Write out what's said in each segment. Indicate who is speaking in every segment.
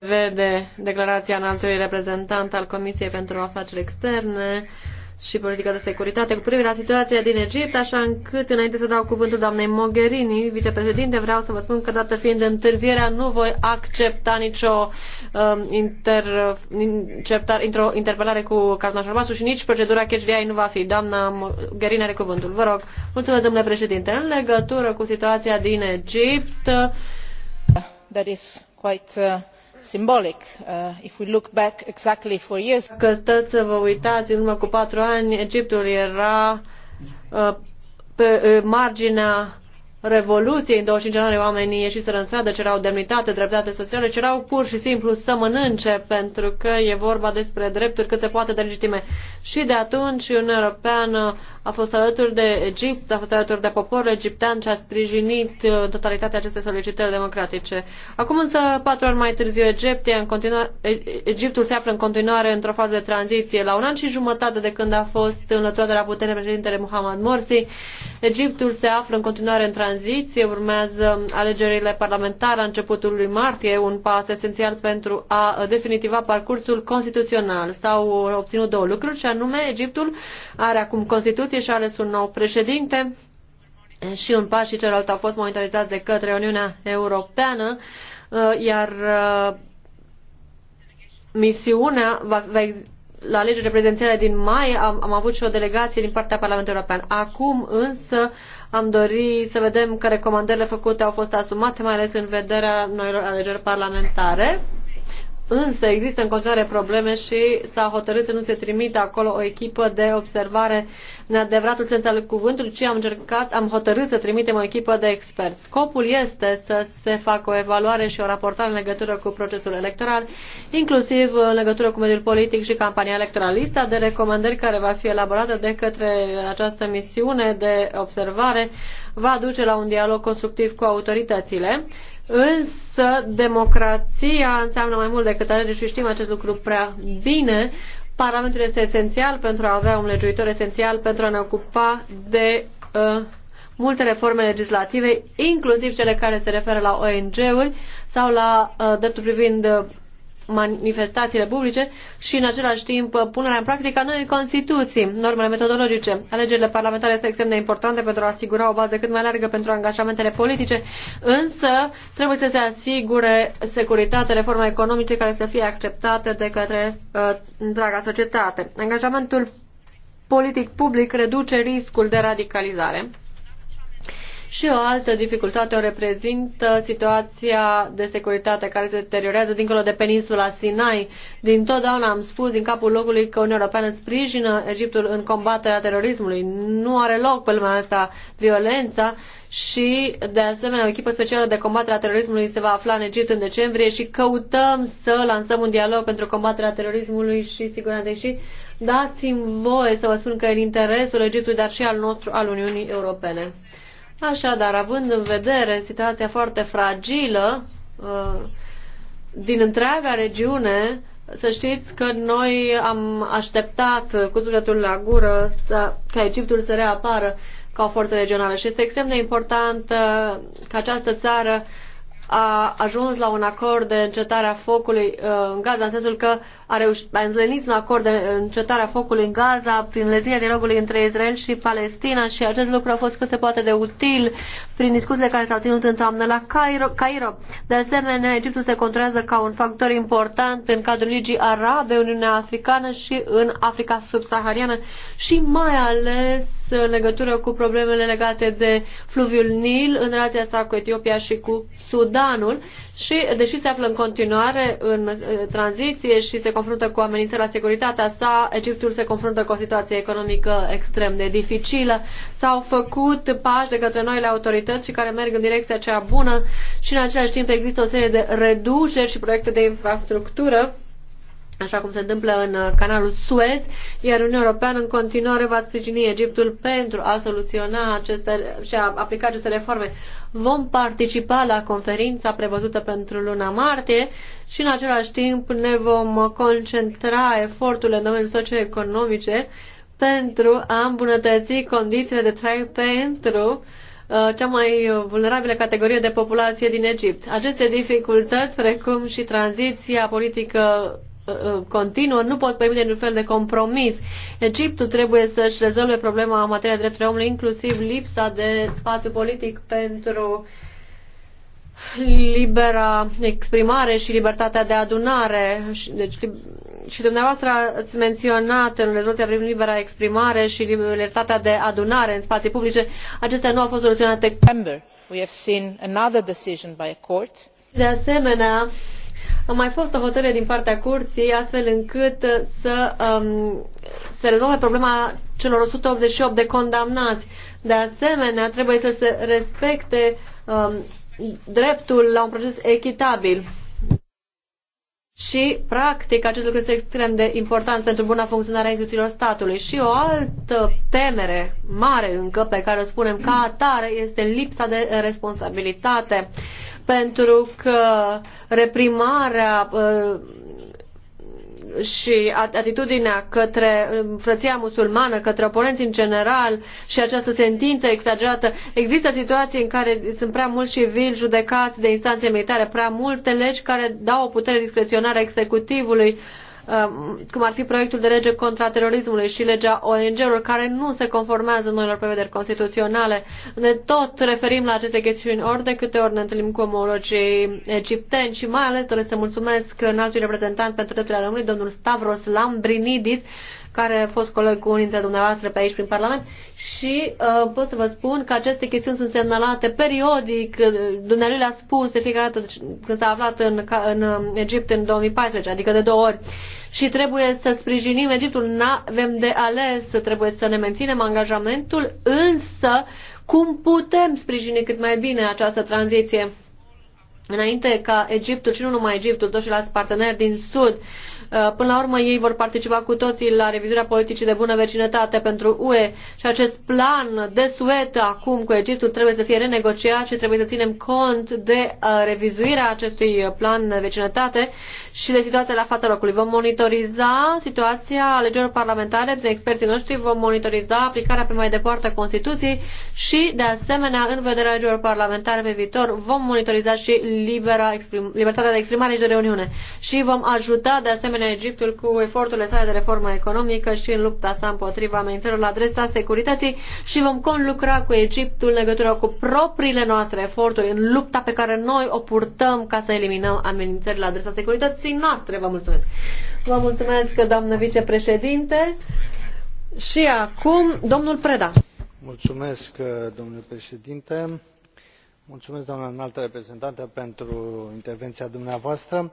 Speaker 1: vede declarația înaltului reprezentant al Comisiei pentru Afaceri Externe și Politica de Securitate cu privire la situația din Egipt, așa încât, înainte să dau cuvântul doamnei Mogherini, vicepreședinte, vreau să vă spun că, dată fiind întârzierea, nu voi accepta nicio, um, inter, inter, interpelare cu Carna Șorbasu și nici procedura CHDI nu va fi. Doamna Mogherini are cuvântul. Vă rog. Mulțumesc, domnule președinte. În legătură cu situația din Egipt... That is quite... Uh symbolic uh, if we look back exactly four years. Dacă stați să vă uitați, în urmă cu patru ani, Egiptul era uh, pe marginea Revoluției, în 25 ianuarie, oamenii ieșiseră în stradă, cerau demnitate, dreptate sociale, cerau pur și simplu să mănânce, pentru că e vorba despre drepturi cât se poate de legitime. Și de atunci Uniunea Europeană a fost alături de Egipt, a fost alături de poporul egiptean și a sprijinit uh, în totalitatea aceste solicitări democratice. Acum însă, patru ani mai târziu, Egipt e în Egiptul se află în continuare într-o fază de tranziție. La un an și jumătate de când a fost înlăturat de la putere președintele Muhammad Morsi, Egiptul se află în continuare în tranziție tranziție, urmează alegerile parlamentare a începutul lui martie, un pas esențial pentru a definitiva parcursul constituțional. S-au obținut două lucruri, și anume Egiptul are acum Constituție și a ales un nou președinte și un pas și celălalt au fost monitorizați de către Uniunea Europeană, uh, iar uh, misiunea va, va la alegerile prezidențiale din mai am, am avut și o delegație din partea Parlamentului European. Acum însă am dorit să vedem că recomandările făcute au fost asumate, mai ales în vederea noilor alegeri parlamentare. Însă există în continuare probleme și s-a hotărât să nu se trimite acolo o echipă de observare uh, în adevăratul sens al cuvântului, ci am încercat, am hotărât să trimitem o echipă de experți. Scopul este să se facă o evaluare și o raportare în legătură cu procesul electoral, inclusiv în legătură cu mediul politic și campania electorală. Lista de recomandări care va fi elaborată de către această misiune de observare va duce la un dialog constructiv cu autoritățile. Însă democrația înseamnă mai mult decât alegeri deci, și știm acest lucru prea bine. Parlamentul este esențial pentru a avea un legiuitor esențial pentru a ne ocupa de uh, multe reforme legislative, inclusiv cele care se referă la ONG-uri sau la uh, dreptul privind manifestațiile publice și în același timp punerea în practică a noii Constituții, normele metodologice. Alegerile parlamentare sunt extrem de importante pentru a asigura o bază cât mai largă pentru angajamentele politice, însă trebuie să se asigure securitatea reformei economice care să fie acceptate de către uh, întreaga societate. Angajamentul politic public reduce riscul de radicalizare și o altă dificultate o reprezintă situația de securitate care se deteriorează dincolo de peninsula Sinai. Din totdeauna am spus din capul locului că Uniunea Europeană sprijină Egiptul în combaterea terorismului. Nu are loc pe lumea asta violența și, de asemenea, o echipă specială de combatere a terorismului se va afla în Egipt în decembrie și căutăm să lansăm un dialog pentru combaterea terorismului și siguranței și dați-mi voie să vă spun că e în interesul Egiptului, dar și al nostru, al Uniunii Europene. Așadar, având în vedere situația foarte fragilă uh, din întreaga regiune, să știți că noi am așteptat cu sufletul la gură să, ca Egiptul să reapară ca o forță regională și este extrem de important uh, ca această țară a ajuns la un acord de încetare a focului uh, în Gaza, în sensul că a, reușit, a înzlenit un acord de încetare a focului în Gaza prin lezirea dialogului între Israel și Palestina și acest lucru a fost cât se poate de util prin discuțiile care s-au ținut în toamnă la Cairo. Cairo. De asemenea, Egiptul se controlează ca un factor important în cadrul Ligii Arabe, Uniunea Africană și în Africa subsahariană și mai ales în legătură cu problemele legate de fluviul Nil în relația sa cu Etiopia și cu Sudanul și, deși se află în continuare în eh, tranziție și se confruntă cu amenințări la securitatea sa, Egiptul se confruntă cu o situație economică extrem de dificilă. S-au făcut pași de către noile autorități și care merg în direcția cea bună și în același timp există o serie de reduceri și proiecte de infrastructură așa cum se întâmplă în uh, canalul Suez, iar Uniunea Europeană în continuare va sprijini Egiptul pentru a soluționa aceste, și a aplica aceste reforme. Vom participa la conferința prevăzută pentru luna martie și în același timp ne vom concentra eforturile în domeniul socioeconomice pentru a îmbunătăți condițiile de trai pentru uh, cea mai vulnerabilă categorie de populație din Egipt. Aceste dificultăți, precum și tranziția politică Uh, continuă, nu pot permite niciun fel de compromis. Egiptul trebuie să-și rezolve problema în materia de drepturile omului, inclusiv lipsa de spațiu politic pentru libera exprimare și libertatea de adunare. Deci, și dumneavoastră ați menționat în rezoluția privind libera exprimare și libertatea de adunare în spații publice. Acestea nu au fost soluționate. De asemenea, a mai fost o hotărâre din partea curții, astfel încât uh, să um, se rezolve problema celor 188 de condamnați. De asemenea, trebuie să se respecte um, dreptul la un proces echitabil. Și, practic, acest lucru este extrem de important pentru buna funcționare a instituțiilor statului. Și o altă temere mare încă pe care o spunem ca atare este lipsa de responsabilitate. Uh, pentru că reprimarea uh, și atitudinea către um, frăția musulmană, către oponenții în general și această sentință exagerată. Există situații în care sunt prea mulți civili judecați de instanțe militare, prea multe legi care dau o putere discreționară executivului uh, Um, cum ar fi proiectul de lege contra terorismului și legea ONG-urilor, care nu se conformează noilor prevederi constituționale. Ne tot referim la aceste chestiuni ori de câte ori ne întâlnim cu omologii egipteni și mai ales doresc să mulțumesc înaltului reprezentant pentru drepturile omului, domnul Stavros Lambrinidis, care a fost coleg cu unii dintre dumneavoastră pe aici prin Parlament și uh, pot să vă spun că aceste chestiuni sunt semnalate periodic, dumneavoastră le-a spus de fiecare dată când s-a aflat în, în um, Egipt în 2014, adică de două ori. Uh, și trebuie să sprijinim Egiptul. Nu avem de ales, trebuie să ne menținem angajamentul, însă cum putem sprijini cât mai bine această tranziție? Înainte ca Egiptul și nu numai Egiptul, toți ceilalți parteneri din Sud Uh, până la urmă, ei vor participa cu toții la revizuirea politicii de bună vecinătate pentru UE și acest plan de suet acum cu Egiptul trebuie să fie renegociat și trebuie să ținem cont de uh, revizuirea acestui plan de vecinătate și de situația la fața locului. Vom monitoriza situația alegerilor parlamentare din experții noștri, vom monitoriza aplicarea pe mai departe a Constituției și, de asemenea, în vederea alegerilor parlamentare pe viitor, vom monitoriza și libera exprim- libertatea de exprimare și de reuniune și vom ajuta, de asemenea, asemenea Egiptul cu eforturile sale de reformă economică și în lupta sa împotriva amenințărilor la adresa securității și vom conlucra cu Egiptul în legătură cu propriile noastre eforturi în lupta pe care noi o purtăm ca să eliminăm amenințările la adresa securității noastre. Vă mulțumesc! Vă mulțumesc, doamnă vicepreședinte. Și acum, domnul Preda.
Speaker 2: Mulțumesc, domnule președinte. Mulțumesc, doamnă înaltă reprezentantă, pentru intervenția dumneavoastră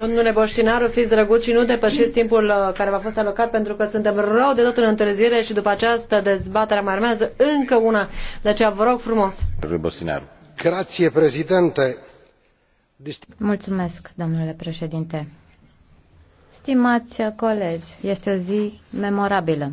Speaker 1: domnule botinaru fiți drăguț și nu depășiți timpul uh, care v a fost alocat pentru că suntem rău de tot în întârziere și după această dezbatere mai urmează încă una de aceea vă rog frumos.
Speaker 3: Mulțumesc, domnule președinte stimați colegi este o zi memorabilă.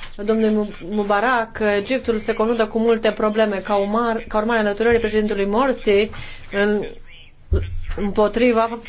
Speaker 1: domnului Mubarak, Egiptul se confruntă cu multe probleme ca, urmare ca urmare a alăturării președintelui Morsi în împotriva,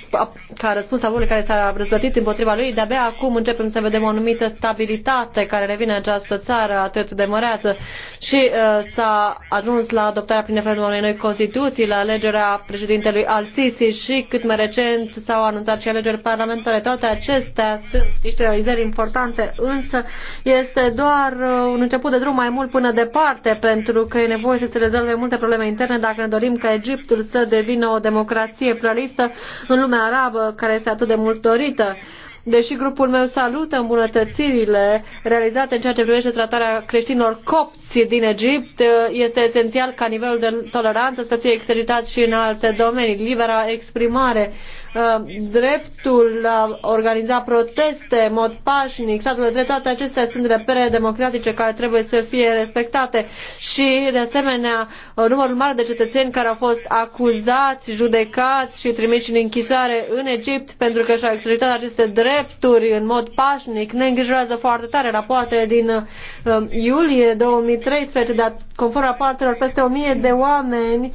Speaker 1: ca răspuns a care s-a răzvătit împotriva lui, de-abia acum începem să vedem o anumită stabilitate care revine această țară atât de măreață și uh, s-a ajuns la adoptarea prin referendum unei noi constituții, la alegerea președintelui Al-Sisi și cât mai recent s-au anunțat și alegeri parlamentare. Toate acestea sunt niște realizări importante, însă este doar uh, un început de drum mai mult până departe, pentru că e nevoie să se rezolve multe probleme interne dacă ne dorim ca Egiptul să devină o democrație socialistă în lumea arabă, care este atât de mult dorită. Deși grupul meu salută îmbunătățirile realizate în ceea ce privește tratarea creștinilor copți din Egipt, este esențial ca nivelul de toleranță să fie exercitat și în alte domenii. Libera exprimare Uh, dreptul la organiza proteste în mod pașnic, statul de drept, toate acestea sunt repere democratice care trebuie să fie respectate și, de asemenea, uh, numărul mare de cetățeni care au fost acuzați, judecați și trimiși în închisoare în Egipt pentru că și-au exercitat aceste drepturi în mod pașnic ne îngrijorează foarte tare. Rapoartele din uh, iulie 2013, dar conform rapoartelor, peste o mie de oameni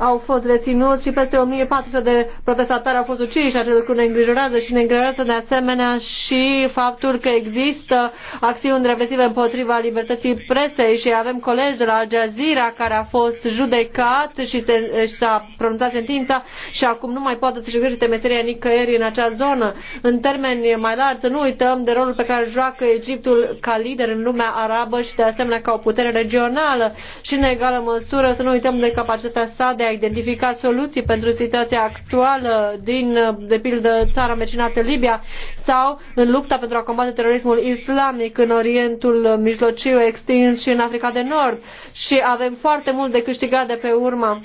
Speaker 1: au fost reținuți și peste 1400 de protestatari au fost uciși. Acest lucru ne îngrijorează și ne îngrijorează de asemenea și faptul că există acțiuni represive împotriva libertății presei și avem colegi de la Al Jazeera care a fost judecat și s-a pronunțat sentința și acum nu mai poate să-și exercite meseria nicăieri în acea zonă. În termeni mai largi, să nu uităm de rolul pe care îl joacă Egiptul ca lider în lumea arabă și de asemenea ca o putere regională și în egală măsură să nu uităm de capacitatea sa de a a identifica soluții pentru situația actuală din, de pildă, țara mecinată Libia sau în lupta pentru a combate terorismul islamic în Orientul Mijlociu extins și în Africa de Nord. Și avem foarte mult de câștigat de pe urma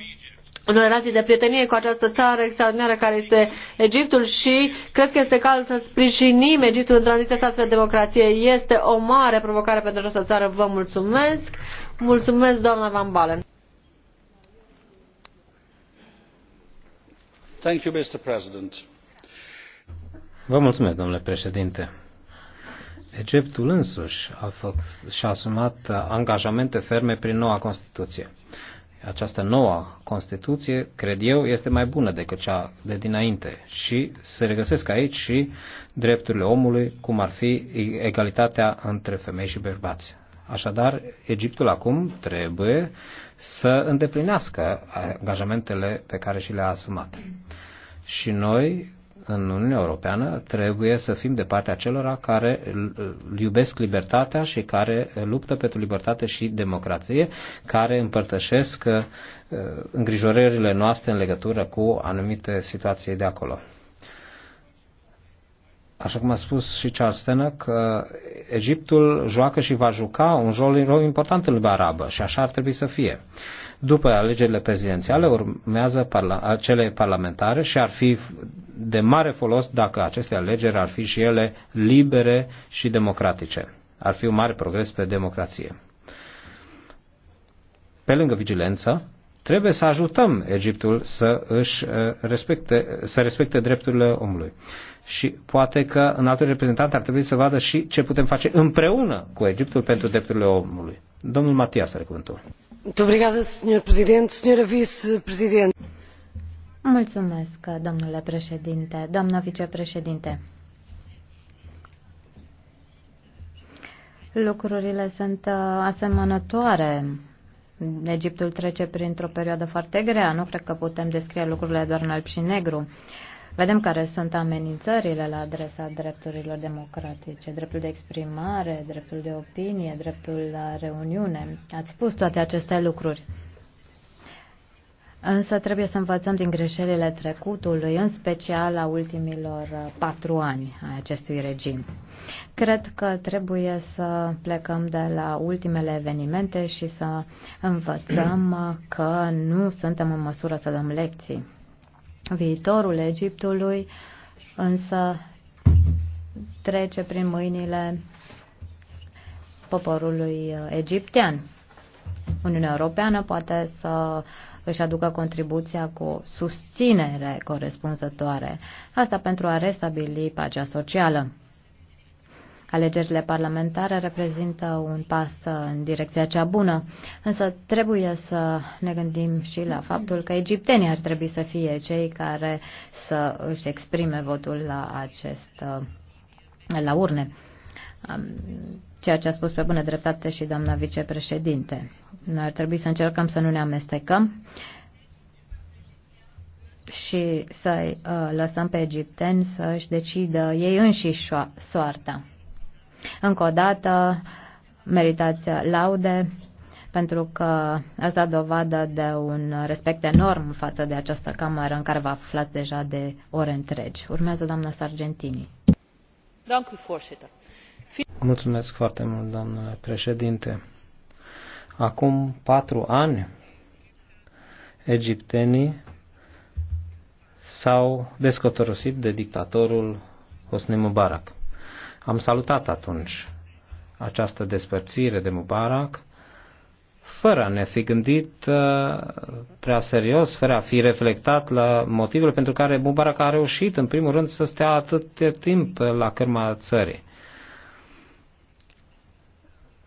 Speaker 1: în relații de prietenie cu această țară extraordinară care este Egiptul și cred că este cazul să sprijinim Egiptul în tranziția sa spre democrație. Este o mare provocare pentru această țară. Vă mulțumesc. Mulțumesc, doamna Van Balen.
Speaker 4: Vă mulțumesc, domnule președinte. Egiptul însuși a făcut, și-a asumat angajamente ferme prin noua Constituție. Această nouă Constituție, cred eu, este mai bună decât cea de dinainte și se regăsesc aici și drepturile omului, cum ar fi egalitatea între femei și bărbați. Așadar, Egiptul acum trebuie să îndeplinească angajamentele pe care și le-a asumat. Și noi, în Uniunea Europeană, trebuie să fim de partea celor care iubesc libertatea și care luptă pentru libertate și democrație, care împărtășesc uh, îngrijorările noastre în legătură cu anumite situații de acolo așa cum a spus și Charles că Egiptul joacă și va juca un rol important în lumea arabă și așa ar trebui să fie. După alegerile prezidențiale urmează parla- cele parlamentare și ar fi de mare folos dacă aceste alegeri ar fi și ele libere și democratice. Ar fi un mare progres pe democrație. Pe lângă vigilență, Trebuie să ajutăm Egiptul să își uh, respecte, să respecte drepturile omului. Și poate că în altul reprezentant ar trebui să vadă și ce putem face împreună cu Egiptul pentru drepturile omului. Domnul Matias are cuvântul.
Speaker 5: Mulțumesc,
Speaker 3: domnule președinte, doamna vicepreședinte. Lucrurile sunt uh, asemănătoare Egiptul trece printr-o perioadă foarte grea. Nu cred că putem descrie lucrurile doar în alb și negru. Vedem care sunt amenințările la adresa drepturilor democratice, dreptul de exprimare, dreptul de opinie, dreptul la reuniune. Ați spus toate aceste lucruri. Însă trebuie să învățăm din greșelile trecutului, în special a ultimilor uh, patru ani a acestui regim. Cred că trebuie să plecăm de la ultimele evenimente și să învățăm uh, că nu suntem în măsură să dăm lecții. Viitorul Egiptului însă trece prin mâinile poporului uh, egiptean. Uniunea Europeană poate să își aducă contribuția cu susținere corespunzătoare. Asta pentru a restabili pacea socială. Alegerile parlamentare reprezintă un pas în direcția cea bună, însă trebuie să ne gândim și la faptul că egiptenii ar trebui să fie cei care să își exprime votul la acest la urne ceea ce a spus pe bună dreptate și doamna vicepreședinte. Noi ar trebui să încercăm să nu ne amestecăm și să-i uh, lăsăm pe egipteni să-și decidă ei înșiși soarta. Încă o dată, meritați laude pentru că ați dat dovadă de un respect enorm față de această cameră în care vă aflați deja de ore întregi. Urmează doamna Sargentini.
Speaker 1: Doamna
Speaker 4: Mulțumesc foarte mult, doamnă președinte. Acum patru ani, egiptenii s-au descotorosit de dictatorul Hosni Mubarak. Am salutat atunci această despărțire de Mubarak, fără a ne fi gândit uh, prea serios, fără a fi reflectat la motivele pentru care Mubarak a reușit, în primul rând, să stea atât de timp la cârma țării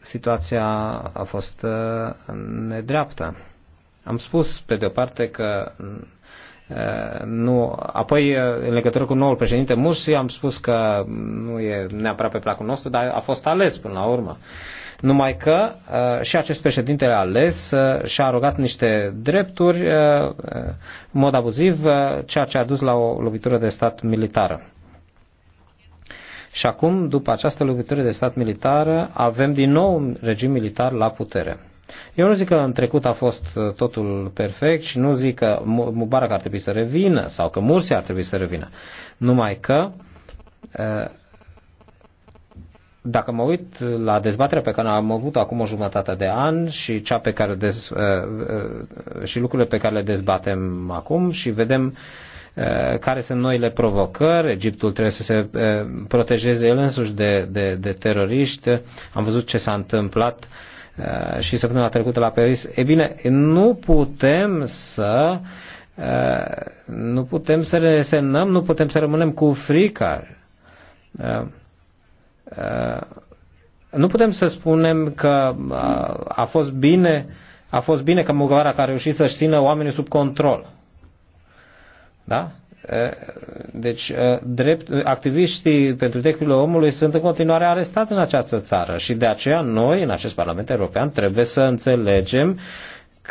Speaker 4: situația a fost uh, nedreaptă. Am spus, pe de o parte, că uh, nu, apoi, uh, în legătură cu noul președinte Mursi, am spus că nu e neapărat pe placul nostru, dar a fost ales până la urmă. Numai că și acest președinte ales și-a arogat niște drepturi în mod abuziv, ceea ce a dus la o lovitură de stat militară. Și acum, după această lovitură de stat militară, avem din nou un regim militar la putere. Eu nu zic că în trecut a fost uh, totul perfect și nu zic că Mubarak ar trebui să revină sau că Mursi ar trebui să revină. Numai că uh, dacă mă uit la dezbaterea pe care am avut acum o jumătate de an și cea pe care dez, uh, și lucrurile pe care le dezbatem acum și vedem uh, Eh, care sunt noile provocări. Egiptul trebuie să se eh, protejeze el însuși de, de, de teroriști. Am văzut ce s-a întâmplat eh, și săptămâna trecută la Paris. E bine, nu putem să nu putem să resemnăm, nu putem să rămânem cu frica. Nu putem să spunem că a fost bine, a fost bine că Mugavara a reușit să-și țină oamenii sub control da? Deci, drept, activiștii pentru drepturile omului sunt în continuare arestați în această țară și de aceea noi, în acest Parlament European, trebuie să înțelegem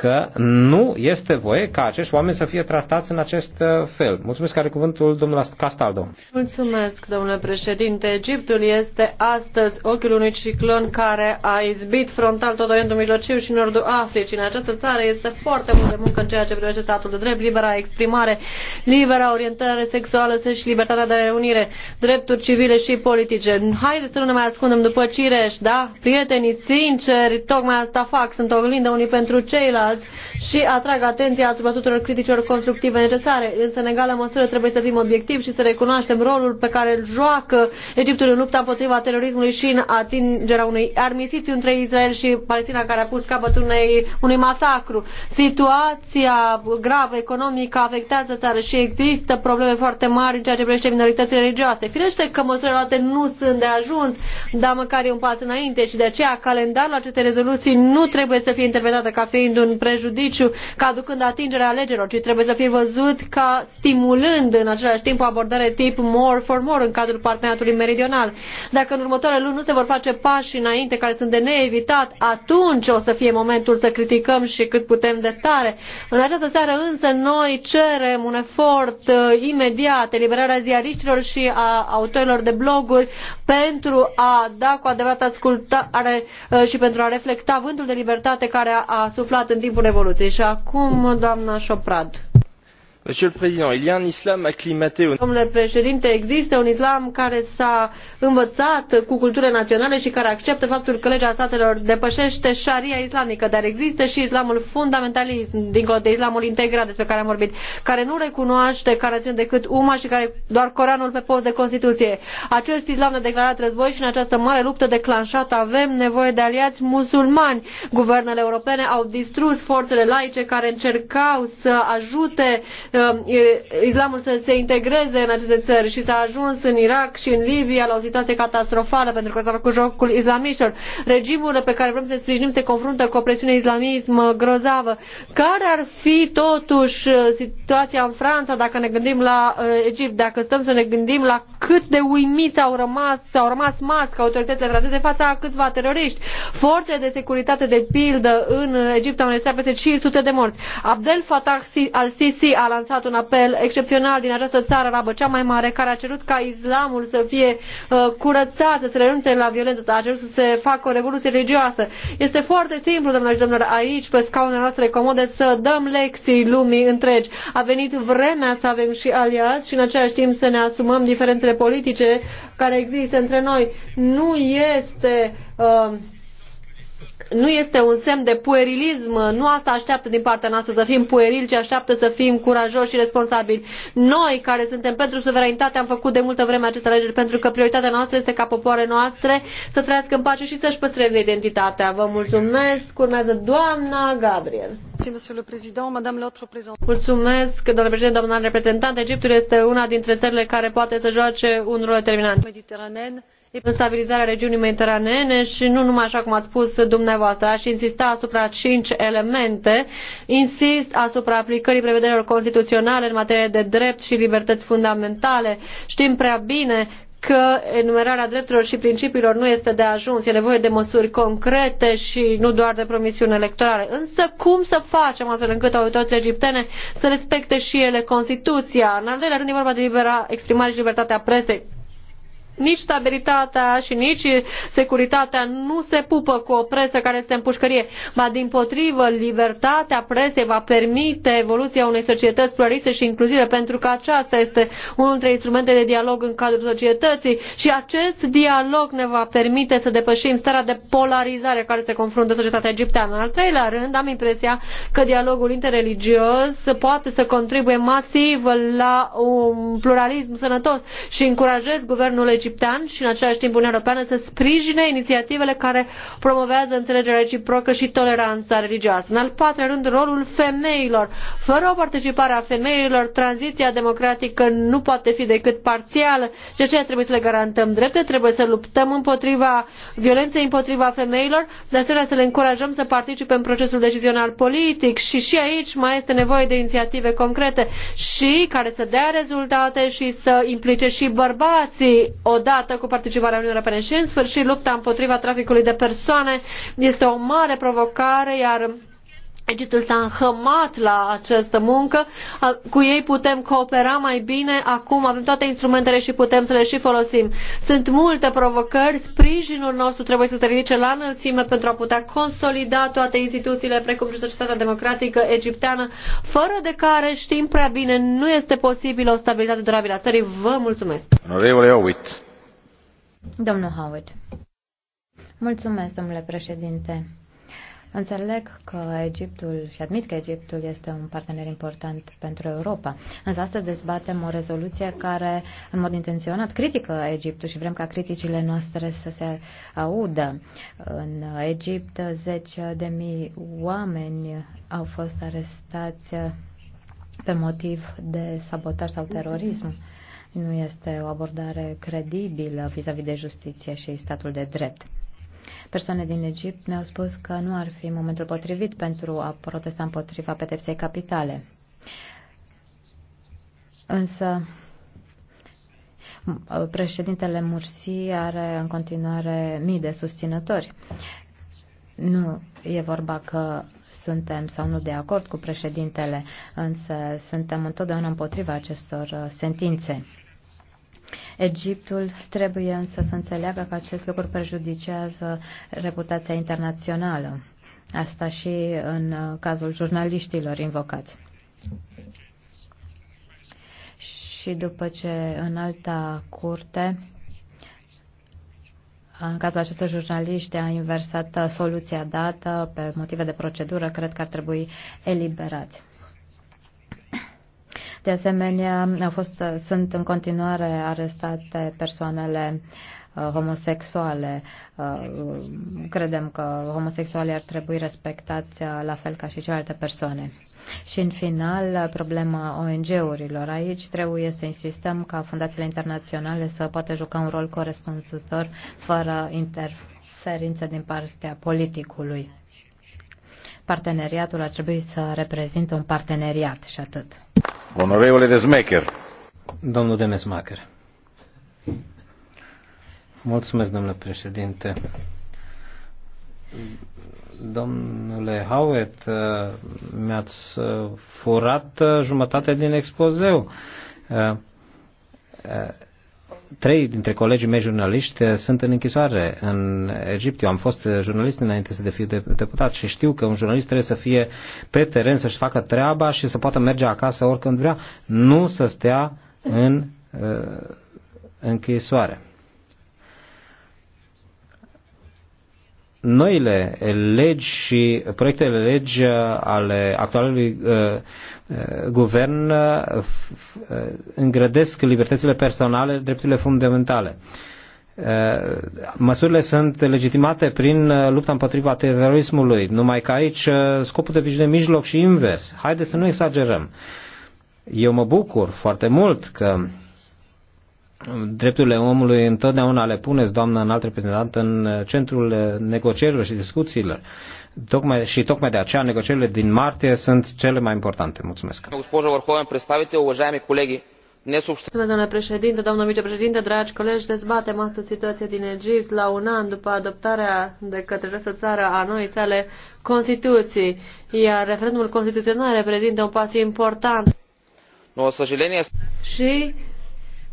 Speaker 4: că nu este voie ca acești oameni să fie trastați în acest uh, fel. Mulțumesc, care cuvântul domnul Castaldo.
Speaker 1: Mulțumesc, domnule președinte. Egiptul este astăzi ochiul unui ciclon care a izbit frontal tot Orientul Mijlociu și Nordul Africii. În această țară este foarte de muncă în ceea ce privește statul de drept, libera exprimare, libera orientare sexuală și libertatea de reunire, drepturi civile și politice. Haideți să nu ne mai ascundem după cireș, da? Prietenii sinceri, tocmai asta fac, sunt oglindă unii pentru ceilalți ceilalți și atrag atenția asupra tuturor criticilor constructive necesare. Însă, în egală măsură, trebuie să fim obiectivi și să recunoaștem rolul pe care îl joacă Egiptul în lupta împotriva terorismului și în atingerea unui armistițiu între Israel și Palestina, care a pus capăt unei, unui masacru. Situația gravă economică afectează țara și există probleme foarte mari în ceea ce privește minoritățile religioase. Firește că măsurile luate nu sunt de ajuns, dar măcar e un pas înainte și de aceea calendarul acestei rezoluții nu trebuie să fie interpretată ca fiind un prejudiciu prejudiciu ca aducând atingere alegerilor, ci trebuie să fie văzut ca stimulând în același timp o abordare tip more for more în cadrul parteneriatului meridional. Dacă în următoarele luni nu se vor face pași înainte care sunt de neevitat, atunci o să fie momentul să criticăm și cât putem de tare. În această seară însă noi cerem un efort uh, imediat, eliberarea ziariștilor și a autorilor de bloguri pentru a da cu adevărat ascultare uh, și pentru a reflecta vântul de libertate care a suflat în timpul Revoluției discuții. Și acum, doamna Șoprad. Domnule președinte, există un islam care s-a învățat cu culturile naționale și care acceptă faptul că legea statelor depășește șaria islamică, dar există și islamul fundamentalism, dincolo de islamul integrat despre care am vorbit, care nu recunoaște ca națiune decât UMA și care doar Coranul pe post de Constituție. Acest islam ne-a declarat război și în această mare luptă declanșată avem nevoie de aliați musulmani. Guvernele europene au distrus forțele laice care încercau să ajute islamul să se integreze în aceste țări și s-a ajuns în Irak și în Libia la o situație catastrofală pentru că s-a făcut jocul islamiștilor. Regimul pe care vrem să sprijinim se confruntă cu o presiune islamism grozavă. Care ar fi totuși uh, situația în Franța dacă ne gândim la uh, Egipt, dacă stăm să ne gândim la cât de uimiți au rămas, au rămas mască autoritățile franceze fața a câțiva teroriști. Forțe de securitate de pildă în Egipt au înregistrat peste 500 de morți. Abdel Fattah al-Sisi al lansat un apel excepțional din această țară arabă, cea mai mare, care a cerut ca islamul să fie uh, curățat, să se renunțe la violență, a cerut să se facă o revoluție religioasă. Este foarte simplu, domnule și domnilor, aici, pe scaunele noastre comode, să dăm lecții lumii întregi. A venit vremea să avem și aliați și în același timp să ne asumăm diferențele politice care există între noi. Nu este... Uh, nu este un semn de puerilism, nu asta așteaptă din partea noastră să fim puerili, ci așteaptă să fim curajoși și responsabili. Noi, care suntem pentru suveranitate, am făcut de multă vreme aceste alegeri pentru că prioritatea noastră este ca popoare noastre să trăiască în pace și să-și păstreze identitatea. Vă mulțumesc. Urmează doamna Gabriel. Mulțumesc, domnule președinte, doamna reprezentant. Egiptul este una dintre țările care poate să joace un rol determinant în stabilizarea regiunii mediteraneene și nu numai așa cum ați spus dumneavoastră. Aș insista asupra cinci elemente. Insist asupra aplicării prevederilor constituționale în materie de drept și libertăți fundamentale. Știm prea bine că enumerarea drepturilor și principiilor nu este de ajuns, e nevoie de măsuri concrete și nu doar de promisiuni electorale. Însă cum să facem astfel încât autoritățile egiptene să respecte și ele Constituția? În al doilea rând e vorba de libera exprimare și libertatea presei nici stabilitatea și nici securitatea nu se pupă cu o presă care este în pușcărie, ba din potrivă, libertatea presei va permite evoluția unei societăți pluraliste și inclusive, pentru că aceasta este unul dintre instrumentele de dialog în cadrul societății și acest dialog ne va permite să depășim starea de polarizare care se confruntă societatea egipteană. În al treilea rând, am impresia că dialogul interreligios poate să contribuie masiv la un pluralism sănătos și încurajez guvernul egiptean egiptean și în același timp Uniunea Europeană să sprijine inițiativele care promovează înțelegerea reciprocă și toleranța religioasă. În al patrulea rând, rolul femeilor. Fără o participare a femeilor, tranziția democratică nu poate fi decât parțială. De aceea trebuie să le garantăm drepte, trebuie să luptăm împotriva violenței împotriva femeilor, de asemenea să le încurajăm să participe în procesul decizional politic și și aici mai este nevoie de inițiative concrete și care să dea rezultate și să implice și bărbații o odată cu participarea Uniunii Europene. Și în sfârșit, lupta împotriva traficului de persoane este o mare provocare, iar Egiptul s-a înhămat la această muncă, cu ei putem coopera mai bine, acum avem toate instrumentele și putem să le și folosim. Sunt multe provocări, sprijinul nostru trebuie să se ridice la înălțime pentru a putea consolida toate instituțiile precum și societatea democratică egipteană, fără de care știm prea bine nu este posibilă o stabilitate durabilă a țării. Vă mulțumesc! Onorevole Domnul Howard.
Speaker 3: Mulțumesc, domnule președinte. Înțeleg că Egiptul, și admit că Egiptul este un partener important pentru Europa, însă astăzi dezbatem o rezoluție care, în mod intenționat, critică Egiptul și vrem ca criticile noastre să se audă. În Egipt, zeci de mii oameni au fost arestați pe motiv de sabotaj sau terorism nu este o abordare credibilă vis-a-vis -vis de justiție și statul de drept. Persoane din Egipt mi-au spus că nu ar fi momentul potrivit pentru a protesta împotriva pedepsei capitale. Însă, președintele Mursi are în continuare mii de susținători. Nu e vorba că suntem sau nu de acord cu președintele, însă suntem întotdeauna împotriva acestor uh, sentințe. Egiptul trebuie însă să înțeleagă că acest lucru prejudicează reputația internațională. Asta și în uh, cazul jurnaliștilor invocați. Și după ce în alta curte în cazul acestor jurnaliști a inversat uh, soluția dată pe motive de procedură, cred că ar trebui eliberați. De asemenea, au fost, uh, sunt în continuare arestate persoanele uh, Uh, homosexuale. Uh, credem că homosexualii ar trebui respectați uh, la fel ca și celelalte persoane. Și în final, problema ONG-urilor. Aici trebuie să insistăm ca fundațiile internaționale să poată juca un rol corespunzător fără interferință din partea politicului. Parteneriatul ar trebui să reprezinte un parteneriat și atât.
Speaker 4: Onorevole Desmecher. Domnul Demesmacher. Mulțumesc, domnule președinte. Domnule Howard, mi-ați furat jumătate din expozeu. Trei dintre colegii mei jurnaliști sunt în închisoare în Egipt. Eu am fost jurnalist înainte să fiu deputat și știu că un jurnalist trebuie să fie pe teren, să-și facă treaba și să poată merge acasă oricând vrea, nu să stea în uh, închisoare. noile legi și proiectele legi uh, ale actualului uh, uh, guvern îngrădesc libertățile personale, drepturile fundamentale. Măsurile sunt legitimate prin lupta împotriva terorismului, numai că aici scopul de de mijloc și invers. Haideți să nu exagerăm. Eu mă bucur foarte mult că drepturile omului întotdeauna le puneți, doamnă înalt reprezentant, în centrul negocierilor și discuțiilor. Tocmai, și tocmai de aceea negocierile din martie sunt cele mai importante. Mulțumesc.
Speaker 1: Mulțumesc, domnule președinte, domnul vicepreședinte, dragi colegi, dezbatem astăzi situația din Egipt la un an după adoptarea de către această țară a noii sale Constituții, iar referendumul constituțional reprezintă un pas important. și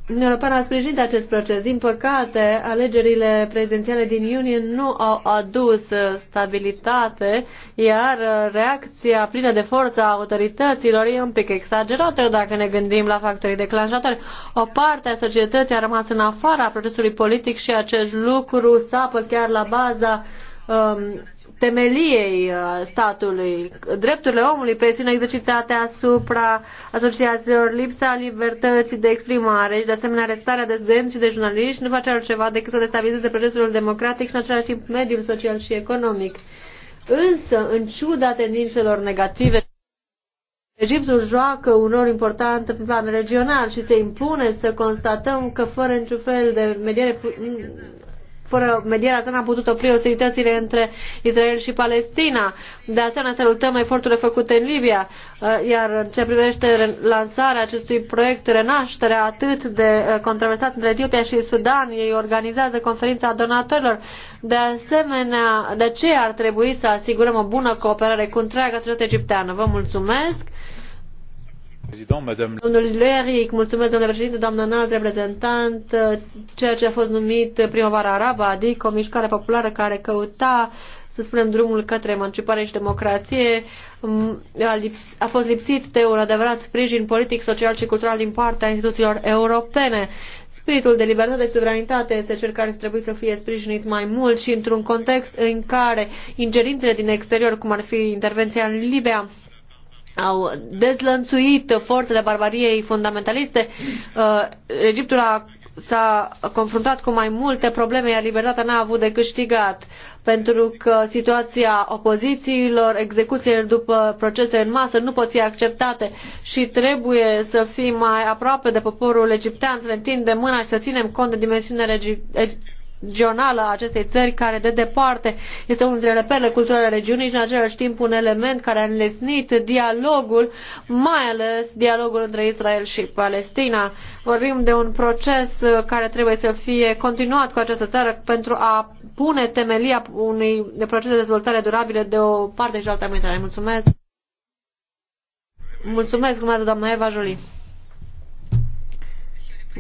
Speaker 1: Uniunea Europeană a sprijinit acest proces. Din păcate, alegerile prezidențiale din iunie nu au adus uh, stabilitate, iar uh, reacția plină de forță a autorităților e un pic exagerată dacă ne gândim la factorii declanșatori. O parte a societății a rămas în afara procesului politic și acest lucru sapă chiar la baza um, temeliei uh, statului, drepturile omului, presiunea exercitate asupra asociațiilor, lipsa libertății de exprimare și de asemenea arestarea de și de jurnaliști nu face altceva decât să destabilizeze procesul democratic și în același timp mediul social și economic. Însă, în ciuda tendințelor negative, Egiptul joacă un rol important în plan regional și se impune să constatăm că fără niciun fel de mediere fără medierea asta n-am putut opri ostilitățile între Israel și Palestina. De asemenea, salutăm eforturile făcute în Libia, uh, iar în ce privește lansarea acestui proiect Renașterea, atât de uh, controversat între Etiopia și Sudan, ei organizează conferința donatorilor. De asemenea, de ce ar trebui să asigurăm o bună cooperare cu întreaga societate egipteană? Vă mulțumesc! Domnul Leric, mulțumesc, domnule președinte, doamnă înalt reprezentant, uh, ceea ce a fost numit primăvara arabă, adică o mișcare populară care căuta să spunem, drumul către emancipare și democrație mm, a, lips- a fost lipsit de un adevărat sprijin politic, social și cultural din partea instituțiilor europene. Spiritul de libertate și suveranitate este cel care trebuie să fie sprijinit mai mult și într-un context în care ingerințele din exterior, cum ar fi intervenția în Libia, au dezlănțuit forțele barbariei fundamentaliste. Uh, Egiptul a s-a confruntat cu mai multe probleme, iar libertatea n-a avut de câștigat, pentru că situația opozițiilor, execuțiile după procese în masă nu pot fi acceptate și trebuie să fim mai aproape de poporul egiptean, să le întindem mâna și să ținem cont de dimensiunea regională a acestei țări care de departe este unul dintre reperele culturale regiunii și în același timp un element care a înlesnit dialogul, mai ales dialogul între Israel și Palestina. Vorbim de un proces uh, care trebuie să fie continuat cu această țară pentru a pune temelia unui proces de dezvoltare durabilă de o parte și de alta a Mulțumesc! Mulțumesc, urmează doamna Eva Jolie.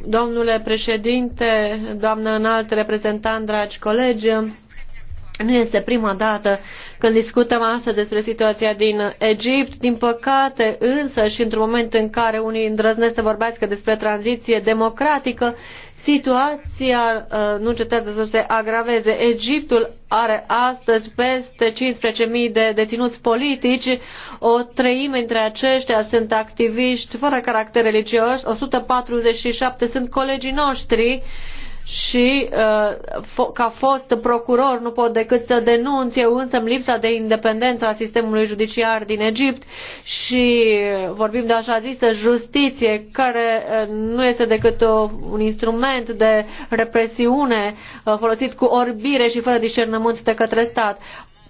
Speaker 1: Domnule președinte, doamnă înalt reprezentant, dragi colegi, nu este prima dată când discutăm astăzi despre situația din Egipt. Din păcate, însă, și într-un moment în care unii îndrăznesc să vorbească despre tranziție democratică, Situația uh, nu încetează să se agraveze. Egiptul are astăzi peste 15.000 de deținuți politici, o treime dintre aceștia sunt activiști fără caracter religios, 147 sunt colegii noștri, și uh, ca fost procuror nu pot decât să denunț eu însă lipsa de independență a sistemului judiciar din Egipt și vorbim de așa zisă justiție care uh, nu este decât uh, un instrument de represiune folosit cu orbire și fără discernământ de către stat.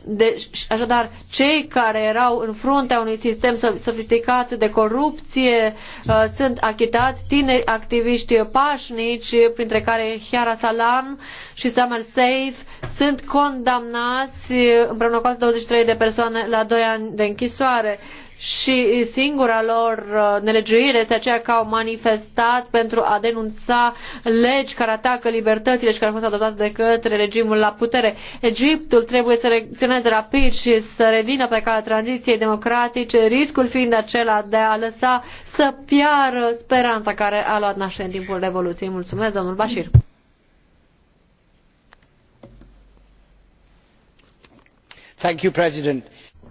Speaker 1: Deci, așadar, cei care erau în fruntea unui sistem sofisticat de corupție uh, sunt achitați, tineri activiști pașnici, printre care Chiara Salam și Summer Safe sunt condamnați eh, împreună cu 23 de persoane la 2 ani de închisoare și singura lor eh, nelegiuire este aceea că au manifestat pentru a denunța legi care atacă libertățile și care au fost adoptate de către regimul la putere. Egiptul trebuie să reacționeze rapid și să revină pe calea tranziției democratice, riscul fiind acela de a lăsa să piară speranța care a luat naștere în timpul Revoluției. Mulțumesc, domnul Bashir.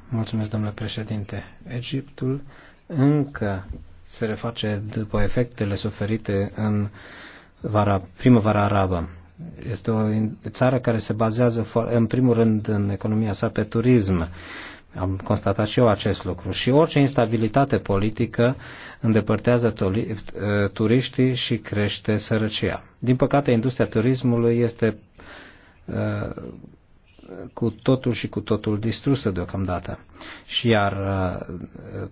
Speaker 4: Mulțumesc, domnule președinte. Egiptul încă se reface după efectele suferite în vara, primăvara arabă. Este o țară care se bazează în primul rând în economia sa pe turism. Am constatat și eu acest lucru. Și orice instabilitate politică îndepărtează eh, turiștii și crește sărăcia. Din păcate, industria turismului este eh, cu totul și cu totul distrusă deocamdată. Și iar uh,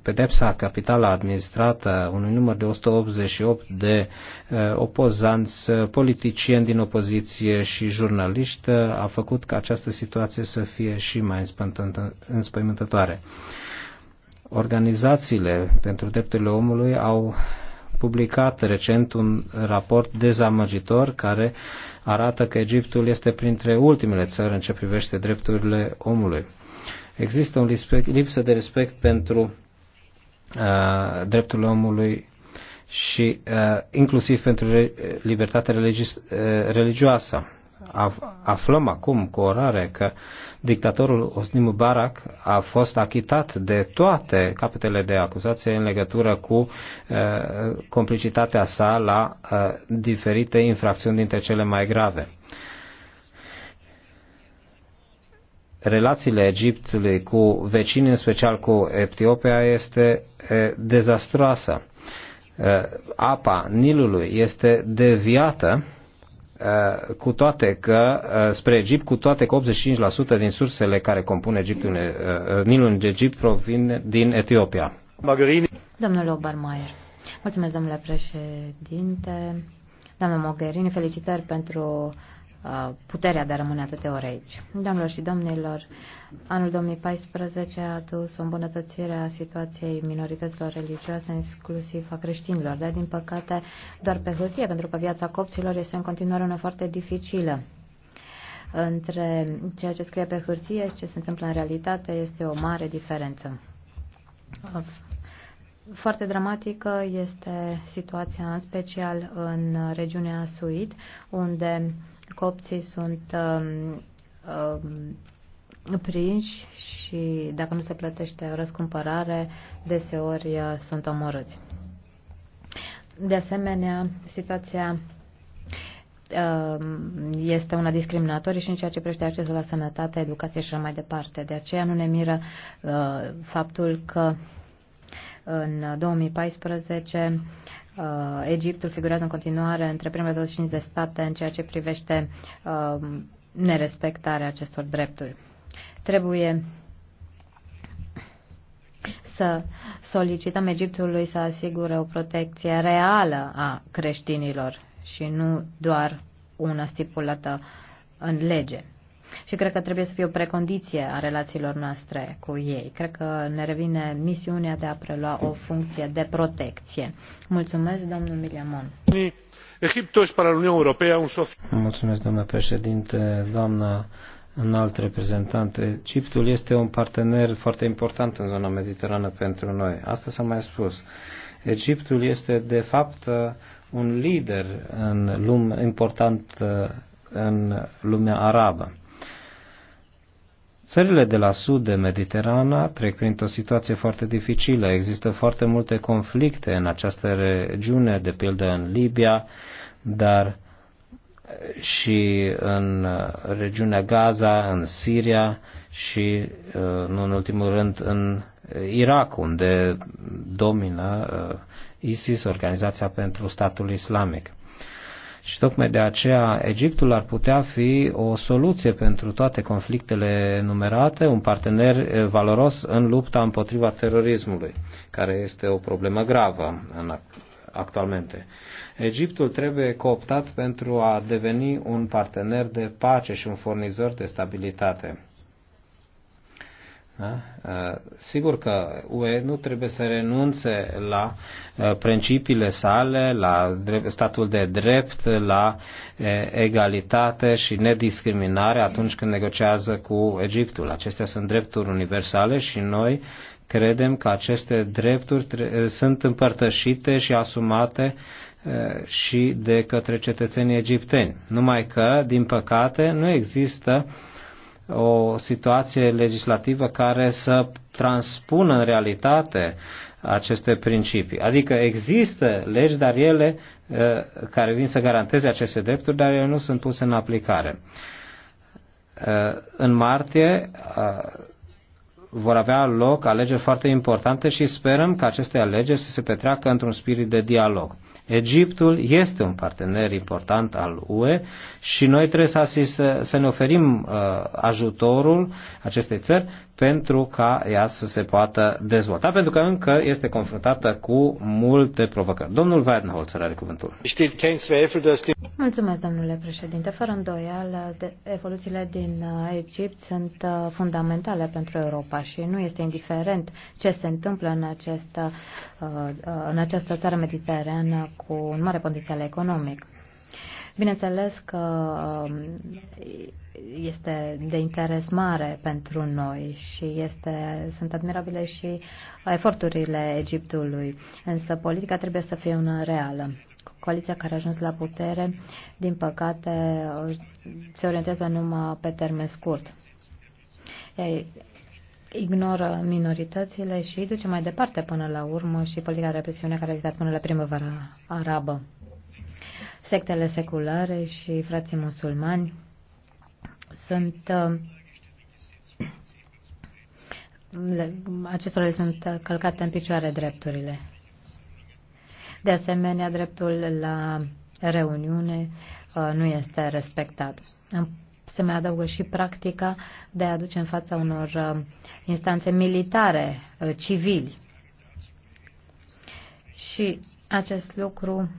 Speaker 4: pedepsa capitală administrată unui număr de 188 de uh, opozanți, uh, politicieni din opoziție și jurnaliști a făcut ca această situație să fie și mai înspăimântătoare. Organizațiile pentru drepturile omului au publicat recent un raport dezamăgitor care arată că Egiptul este printre ultimele țări în ce privește drepturile omului. Există o lipsă de respect pentru uh, drepturile omului și uh, inclusiv pentru re- libertatea religis- uh, religioasă aflăm acum cu orare că dictatorul Osnim Barak a fost achitat de toate capetele de acuzație în legătură cu uh, complicitatea sa la uh, diferite infracțiuni dintre cele mai grave. relațiile Egiptului cu vecinii, în special cu Etiopia, este dezastroasă. Uh, apa Nilului este deviată Eh, cu toate că, eh, spre Egipt, cu toate că 85% din sursele care compun Egiptul, eh, Nilul în Egipt provin din Etiopia. Margarini.
Speaker 3: Domnul Obermeier. Mulțumesc, domnule președinte. Doamne Mogherini, felicitări pentru Uh, puterea de a rămâne atâtea ore aici. Domnilor și domnilor, anul 2014 a adus o îmbunătățire a situației minorităților religioase, inclusiv a creștinilor, dar din păcate doar pe hârtie, pentru că viața copților este în continuare una foarte dificilă între ceea ce scrie pe hârtie și ce se întâmplă în realitate este o mare diferență. Foarte dramatică este situația în special în regiunea Suid, unde copții sunt um, um, prinși și dacă nu se plătește răscumpărare, deseori uh, sunt omorâți. De asemenea, situația um, este una discriminatorie și în ceea ce privește accesul la sănătate, educație și așa mai departe. De aceea nu ne miră uh, faptul că în 2014 uh, Egiptul figurează în continuare între primele 25 de state în ceea ce privește uh, nerespectarea acestor drepturi. Trebuie să solicităm Egiptului să asigure o protecție reală a creștinilor și nu doar una stipulată în lege și cred că trebuie să fie o precondiție a relațiilor noastre cu ei. Cred că ne revine misiunea de a prelua o funcție de protecție. Mulțumesc, domnul Miliamon.
Speaker 2: Egiptul este pentru Uniunea Europeană un socio.
Speaker 4: Mulțumesc, domnule președinte, doamnă înalt reprezentant. Egiptul este un partener foarte important în zona mediterană pentru noi. Asta s-a mai spus. Egiptul este, de fapt, un lider în lume, important în lumea arabă. Țările de la sud de Mediterana trec printr-o situație foarte dificilă. Există foarte multe conflicte în această regiune, de pildă în Libia, dar și în uh, regiunea Gaza, în Siria și, uh, nu în ultimul rând, în Irak, unde domină uh, ISIS, Organizația pentru Statul Islamic. Și tocmai de aceea Egiptul ar putea fi o soluție pentru toate conflictele numerate, un partener eh, valoros în lupta împotriva terorismului, care este o problemă gravă în actualmente. Egiptul trebuie cooptat pentru a deveni un partener de pace și un furnizor de stabilitate. Da? Eh, sigur că UE nu trebuie să renunțe la eh, principiile sale, la statul de drept, la eh, egalitate și nediscriminare atunci când negociază cu Egiptul. Acestea sunt drepturi universale și noi credem că aceste drepturi sunt împărtășite și asumate și de către cetățenii egipteni. Numai că, din păcate, nu există uh, o situație legislativă care să transpună în realitate aceste principii. Adică există legi, dar ele uh, care vin să garanteze aceste drepturi, dar ele nu sunt puse în aplicare. Uh, în martie uh, vor avea loc alegeri foarte importante și sperăm că aceste alegeri să se petreacă într-un spirit de dialog. Egiptul este un partener important al UE și noi trebuie să, să ne oferim uh, ajutorul acestei țări pentru ca ea să se poată dezvolta, pentru că încă este confruntată cu multe provocări. Domnul Weidenholzer are cuvântul.
Speaker 3: Mulțumesc, domnule președinte. Fără îndoială, evoluțiile din uh, Egipt sunt uh, fundamentale pentru Europa și nu este indiferent ce se întâmplă în această, uh, în această țară mediterană cu un mare potențial economic. Bineînțeles că um, este de interes mare pentru noi și este, sunt admirabile și eforturile Egiptului, însă politica trebuie să fie una reală. Coaliția care a ajuns la putere, din păcate, se orientează numai pe termen scurt. Ei ignoră minoritățile și duce mai departe până la urmă și politica de represiune care a existat până la primăvara arabă sectele seculare și frații musulmani sunt uh, acestor le sunt călcate în picioare drepturile. De asemenea, dreptul la reuniune uh, nu este respectat. Se mai adaugă și practica de a aduce în fața unor uh, instanțe militare, civili. Și acest lucru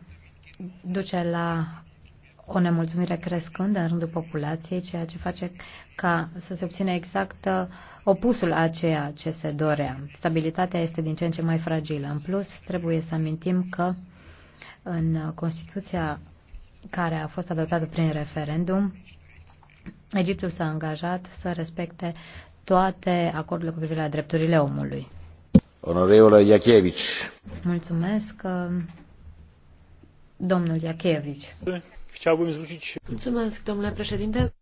Speaker 3: duce la o nemulțumire crescândă în rândul populației, ceea ce face ca să se obține exact uh, opusul a ceea ce se dorea. Stabilitatea este din ce în ce mai fragilă. În plus, trebuie să amintim că în Constituția care a fost adoptată prin referendum, Egiptul s-a angajat să respecte toate acordurile cu privire la drepturile omului.
Speaker 6: Onorevole Iachievici.
Speaker 3: Mulțumesc. Uh, Domnul Iachevici.
Speaker 1: Mulțumesc, domnule președinte.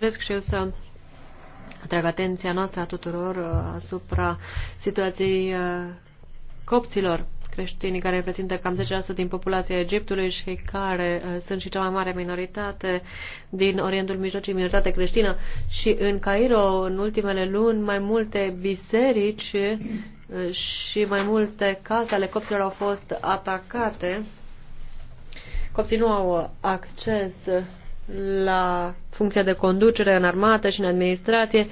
Speaker 1: Doresc și eu să atrag atenția noastră a tuturor uh, asupra situației uh, copților creștinii care reprezintă cam 10% din populația Egiptului și care uh, sunt și cea mai mare minoritate din Orientul Mijlociu, minoritate creștină. Și în Cairo, în ultimele luni, mai multe biserici și mai multe case ale copților au fost atacate Copții nu au uh, acces uh, la funcția de conducere în armată și în administrație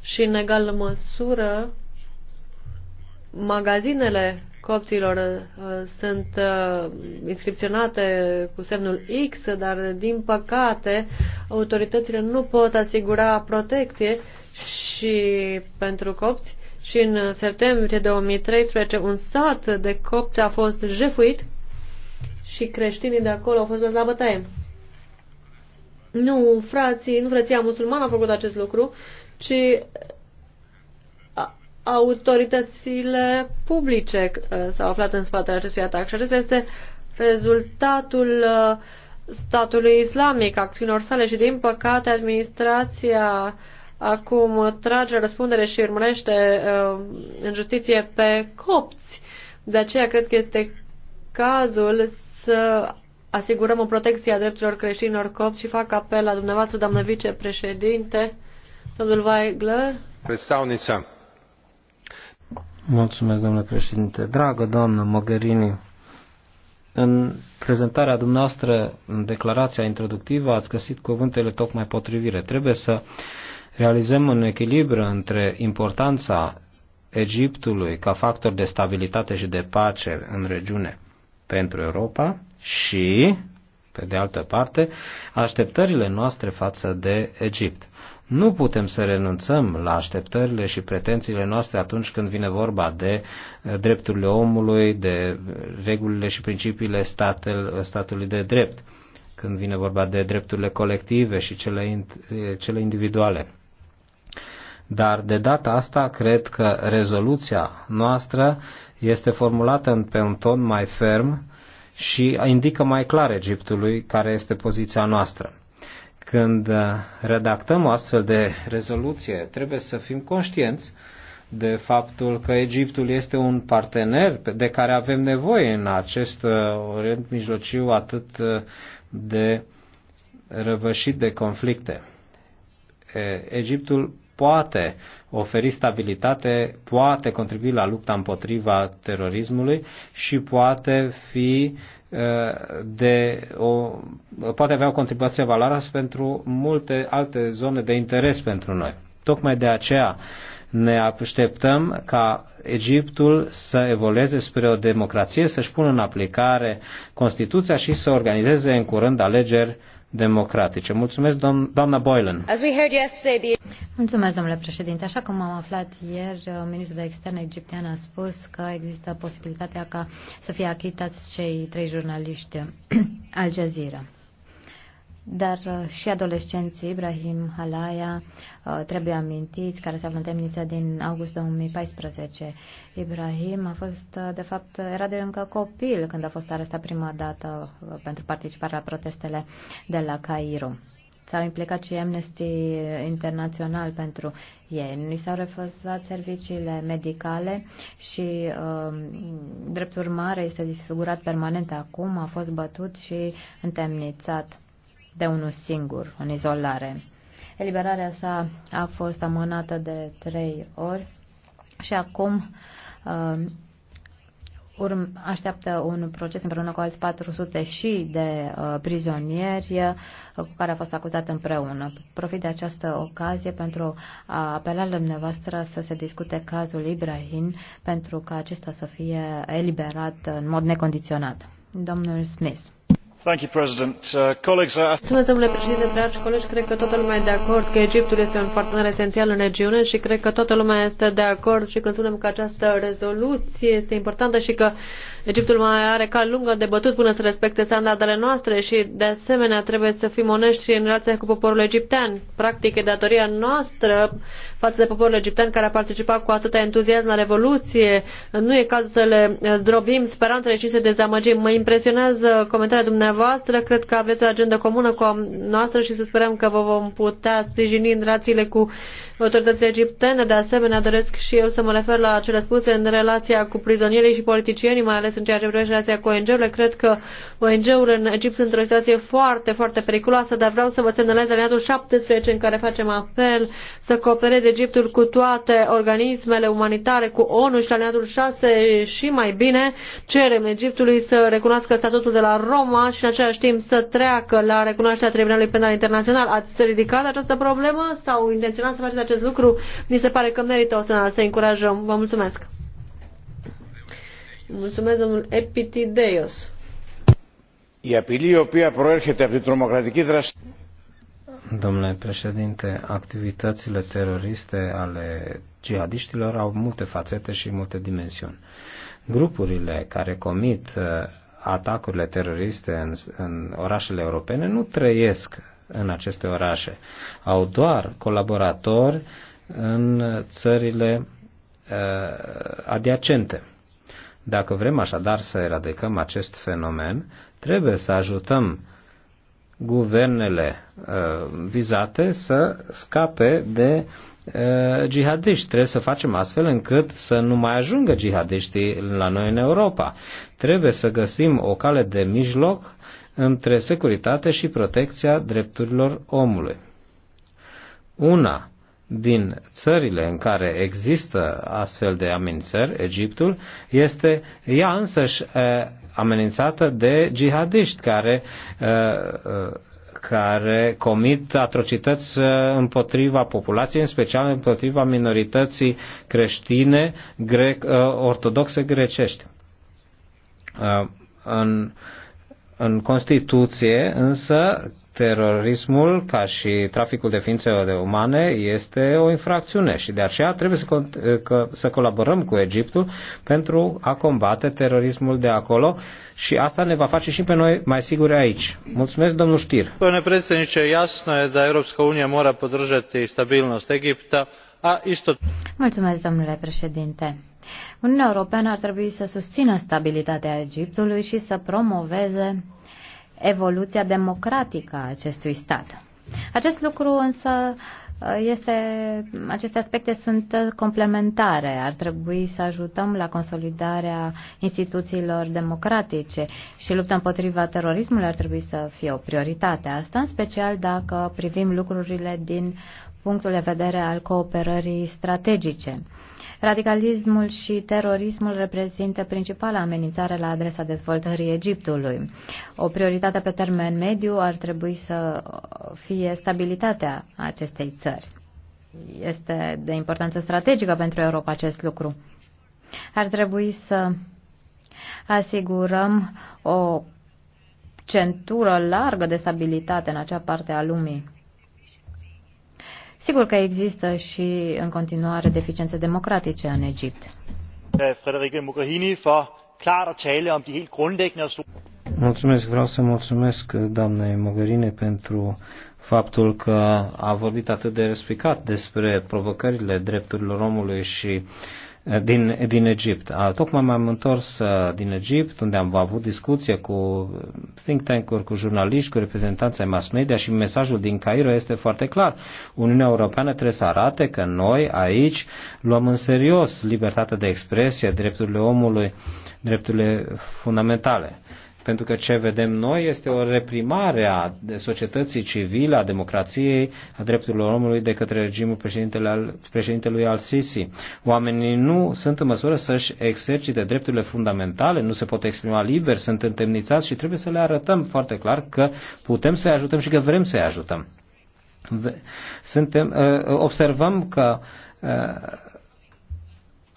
Speaker 1: și în egală măsură magazinele copților uh, sunt uh, inscripționate cu semnul X, dar din păcate autoritățile nu pot asigura protecție și pentru copți și în septembrie 2013 un sat de copți a fost jefuit și creștinii de acolo au fost dați la bătaie. Nu, frații, nu frăția musulmană a făcut acest lucru, ci autoritățile publice uh, s-au aflat în spatele acestui atac și acesta este rezultatul uh, statului islamic, acțiunilor sale și din păcate administrația acum trage răspundere și urmărește uh, în justiție pe copți. De aceea cred că este cazul să asigurăm o protecție a drepturilor creștinilor copți și fac apel la dumneavoastră, doamnă vicepreședinte, domnul Weigler.
Speaker 6: Predstavnița.
Speaker 4: Mulțumesc, domnule președinte. Dragă doamnă Mogherini, în prezentarea dumneavoastră, în declarația introductivă, ați găsit cuvântele tocmai potrivire. Trebuie să realizăm un echilibru între importanța Egiptului ca factor de stabilitate și de pace în regiune pentru Europa și, pe de altă parte, așteptările noastre față de Egipt. Nu putem să renunțăm la așteptările și pretențiile noastre atunci când vine vorba de eh, drepturile omului, de eh, regulile și principiile statel, eh, statului de drept, când vine vorba de drepturile colective și cele, cele individuale. Dar de data asta cred că rezoluția noastră este formulată pe un ton mai ferm și indică mai clar Egiptului care este poziția noastră. Când uh, redactăm o astfel de rezoluție, trebuie să fim conștienți de faptul că Egiptul este un partener de care avem nevoie în acest uh, Orient Mijlociu atât uh, de răvășit de conflicte. Egiptul poate oferi stabilitate, poate contribui la lupta împotriva terorismului și poate fi uh, de o, poate avea o contribuție valoroasă pentru multe alte zone de interes pentru noi. Tocmai de aceea ne așteptăm ca Egiptul să evolueze spre o democrație, să-și pună în aplicare Constituția și să organizeze în curând alegeri democratice. Mulțumesc, doamna Boylan.
Speaker 3: Mulțumesc, domnule președinte. Așa cum am aflat ieri, uh, ministrul de externe egiptean a spus că există posibilitatea ca să fie achitați cei trei jurnaliști Al Jazeera dar uh, și adolescenții Ibrahim Halaya uh, trebuie amintiți, care se află în temniță din august 2014. Ibrahim a fost, uh, de fapt, era de încă copil când a fost arestat prima dată pentru participarea la protestele de la Cairo. S-au implicat și Amnesty Internațional pentru ei. Ni s-au refuzat serviciile medicale și, drept urmare, este disfigurat permanent acum, a fost bătut și întemnițat de unul singur, în izolare. Eliberarea sa a fost amânată de trei ori și acum uh, urm, așteaptă un proces împreună cu alți 400 și de uh, prizonieri uh, cu care a fost acuzat împreună. Profit de această ocazie pentru a apela la dumneavoastră să se discute cazul Ibrahim pentru ca acesta să fie eliberat în mod necondiționat. Domnul Smith.
Speaker 4: Uh, uh,
Speaker 1: domnule președinte dragi colegi cred că toată lumea este de acord că egiptul este un partener esențial în regiune și cred că toată lumea este de acord și când spunem că această rezoluție este importantă și că egiptul mai are cal lungă de bătut până să respecte standardele noastre și de asemenea trebuie să fim onești în relația cu poporul egiptean. practic e datoria noastră față de poporul egiptean care a participat cu atâta entuziasm la revoluție. nu e cazul să le zdrobim speranțele și să dezamăgim. mă impresionează comentarea dumneavoastră dumneavoastră. Cred că aveți o agendă comună cu a noastră și să sperăm că vă vom putea sprijini în relațiile cu autoritățile egiptene. De asemenea, doresc și eu să mă refer la cele spuse în relația cu prizonierii și politicienii, mai ales în ceea ce privește relația cu ONG-urile. Cred că ONG-urile în Egipt sunt într-o situație foarte, foarte periculoasă, dar vreau să vă semnalez aliatul 17 în care facem apel să coopereze Egiptul cu toate organismele umanitare, cu ONU și la aliatul 6 și mai bine cerem Egiptului să recunoască statutul de la Roma și în același timp să treacă la recunoașterea Tribunalului Penal Internațional. Ați ridicat această problemă sau intenționat să faceți acest lucru? Mi se pare că merită o să, să încurajăm. Vă mulțumesc. Mulțumesc, domnul Epitideios.
Speaker 6: Η απειλή η οποία προέρχεται
Speaker 4: Domnule președinte, activitățile teroriste ale jihadiștilor au multe fațete și multe dimensiuni. Grupurile care comit atacurile teroriste în, în orașele europene nu trăiesc în aceste orașe. Au doar colaboratori în țările uh, adiacente. Dacă vrem așadar să eradicăm acest fenomen, trebuie să ajutăm guvernele uh, vizate să scape de uh, Uh, jihadiști. Trebuie să facem astfel încât să nu mai ajungă jihadiștii la noi în Europa. Trebuie să găsim o cale de mijloc între securitate și protecția drepturilor omului. Una din țările în care există astfel de amenințări, Egiptul, este ea însăși uh, amenințată de jihadiști care uh, care comit atrocități uh, împotriva populației, în special împotriva minorității creștine grec, uh, ortodoxe grecești. Uh, în, în Constituție, însă, terorismul, ca și traficul de ființe umane, este o infracțiune și de aceea trebuie să, că, să colaborăm cu Egiptul pentru a combate terorismul de acolo și asta ne va face și pe noi mai siguri aici. Mulțumesc, domnul Știr.
Speaker 2: Pone păi, predsjedniče, jasno e da Europska Unia mora podržati stabilnost Egipta, a isto...
Speaker 3: Mulțumesc, domnule președinte. Uniunea Europeană ar trebui să susțină stabilitatea Egiptului și să promoveze evoluția democratică a acestui stat. Acest lucru însă uh, este, aceste aspecte sunt complementare. Ar trebui să ajutăm la consolidarea instituțiilor democratice și lupta împotriva terorismului ar trebui să fie o prioritate. Asta în special dacă privim lucrurile din punctul de vedere al cooperării strategice. Radicalismul și terorismul reprezintă principala amenințare la adresa dezvoltării Egiptului. O prioritate pe termen mediu ar trebui să fie stabilitatea acestei țări. Este de importanță strategică pentru Europa acest lucru. Ar trebui să asigurăm o centură largă de stabilitate în acea parte a lumii. Sigur că există și în continuare deficiențe democratice în Egipt.
Speaker 2: Da,
Speaker 4: mulțumesc, vreau să mulțumesc doamnei Mogherini pentru faptul că a vorbit atât de răspicat despre provocările drepturilor omului și din, din Egipt. Tocmai m-am întors din Egipt, unde am avut discuție cu think tank-uri, cu jurnaliști, cu reprezentanța ai mass media și mesajul din Cairo este foarte clar. Uniunea Europeană trebuie să arate că noi aici luăm în serios libertatea de expresie, drepturile omului, drepturile fundamentale. Pentru că ce vedem noi este o reprimare a societății civile, a democrației, a drepturilor omului de către regimul președintele al, președintelui al-Sisi. Oamenii nu sunt în măsură să-și exercite drepturile fundamentale, nu se pot exprima liber, sunt întemnițați și trebuie să le arătăm foarte clar că putem să-i ajutăm și că vrem să-i ajutăm. Suntem, uh, observăm că uh,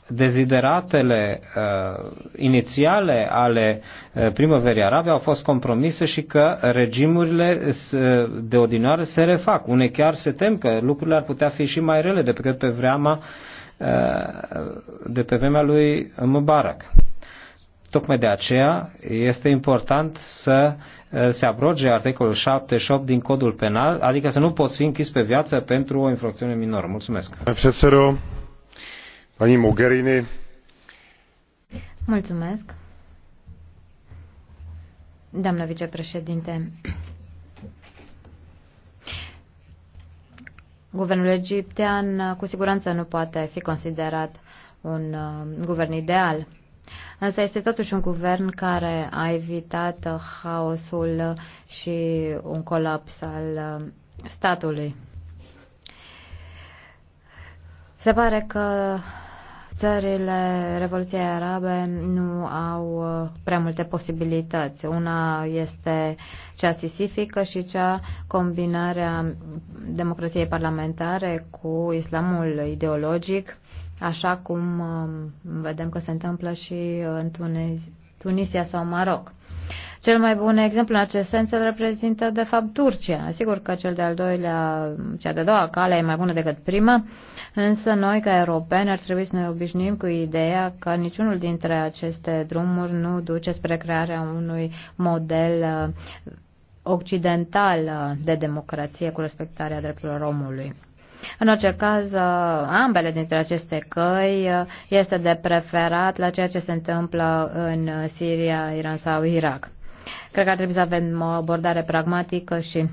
Speaker 4: dezideratele uh, inițiale ale uh, primăverii arabe au fost compromise și că regimurile uh, de odinioară se refac. Unei chiar se tem că lucrurile ar putea fi și mai rele decât pe vremea, uh, de pe vremea lui Mubarak. Tocmai de aceea este important să uh, se abroge articolul 78 din codul penal, adică să nu poți fi închis pe viață pentru o infracțiune minoră. Mulțumesc. Pani Mogherini.
Speaker 3: Mulțumesc. Doamnă vicepreședinte, guvernul egiptean cu siguranță nu poate fi considerat un uh, guvern ideal. Însă este totuși un guvern care a evitat haosul și un colaps al uh, statului. Se pare că țările Revoluției Arabe nu au uh, prea multe posibilități. Una este cea sisifică și cea combinarea democrației parlamentare cu islamul ideologic, așa cum um, vedem că se întâmplă și în Tunisia sau Maroc. Cel mai bun exemplu în acest sens îl reprezintă, de fapt, Turcia. Sigur că cel de-al doilea, cea de-a doua cale e mai bună decât prima, Însă noi, ca europeni, ar trebui să ne obișnuim cu ideea că niciunul dintre aceste drumuri nu duce spre crearea unui model uh, occidental uh, de democrație cu respectarea drepturilor omului. În orice caz, uh, ambele dintre aceste căi este de preferat la ceea ce se întâmplă în Siria, Iran sau Irak. Cred că ar trebui să avem o abordare pragmatică și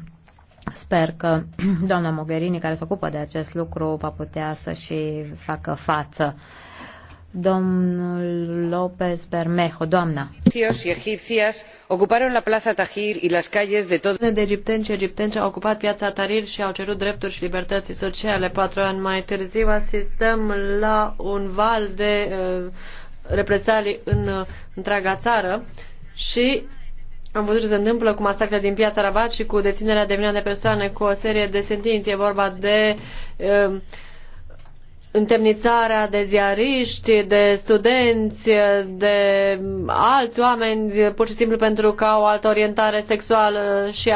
Speaker 3: Sper că doamna Mogherini, care se ocupă de acest lucru, va putea să și facă față. Domnul López Bermejo, doamna.
Speaker 5: și egipcias ocuparon la Plaza
Speaker 1: Tahrir y las calles de todo. De egipteni și egipteni au ocupat piața Tahrir și au cerut drepturi și libertăți sociale. Patru ani mai târziu asistăm la un val de uh, represalii în uh, întreaga țară și am văzut ce se întâmplă cu masacrele din piața Rabat și cu deținerea de milioane de persoane, cu o serie de sentințe. E vorba de uh, întemnițarea de ziariști, de studenți, de alți oameni, pur și simplu pentru că au altă orientare sexuală și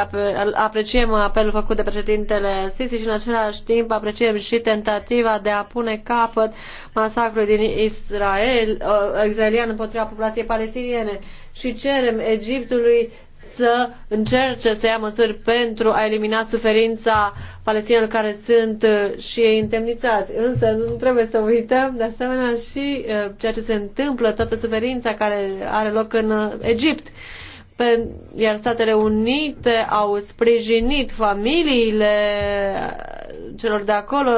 Speaker 1: apreciem apelul făcut de președintele Sisi și în același timp apreciem și tentativa de a pune capăt masacrului din Israel, uh, israelian împotriva populației palestiniene și cerem Egiptului să încerce să ia măsuri pentru a elimina suferința palestinilor care sunt uh, și ei întemnițați. Însă nu trebuie să uităm de asemenea și uh, ceea ce se întâmplă, toată suferința care are loc în uh, Egipt iar Statele Unite au sprijinit familiile celor de acolo.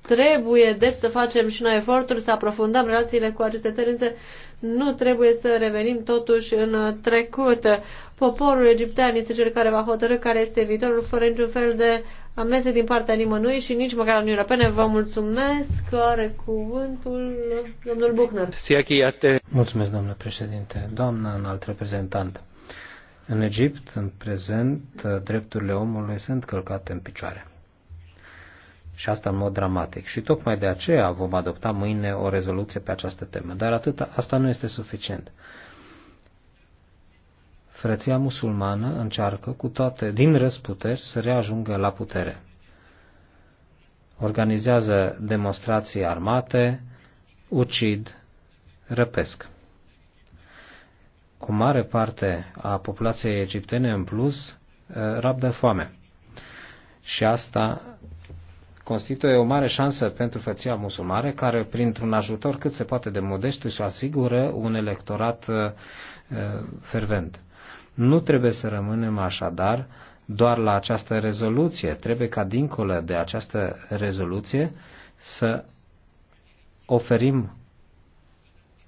Speaker 1: Trebuie, deci, să facem și noi eforturi, să aprofundăm relațiile cu aceste țări, nu trebuie să revenim totuși în trecut. Poporul egiptean este cel care va hotărâ care este viitorul fără niciun fel de amese din partea nimănui și nici măcar Uniunii Europene. Vă mulțumesc. Are cuvântul domnul Buchner.
Speaker 4: Mulțumesc, domnule președinte. Doamna înalt reprezentant. În Egipt, în prezent, drepturile omului sunt călcate în picioare și asta în mod dramatic. Și tocmai de aceea vom adopta mâine o rezoluție pe această temă. Dar atât, asta nu este suficient. Frăția musulmană încearcă cu toate, din răzputeri, să reajungă la putere. Organizează demonstrații armate, ucid, răpesc. O mare parte a populației egiptene în plus eh, rabdă foame. Și asta constituie o mare șansă pentru făția musulmane, care printr-un ajutor cât se poate de modest își asigură un electorat uh, fervent. Nu trebuie să rămânem așadar doar la această rezoluție, trebuie ca dincolo de această rezoluție să oferim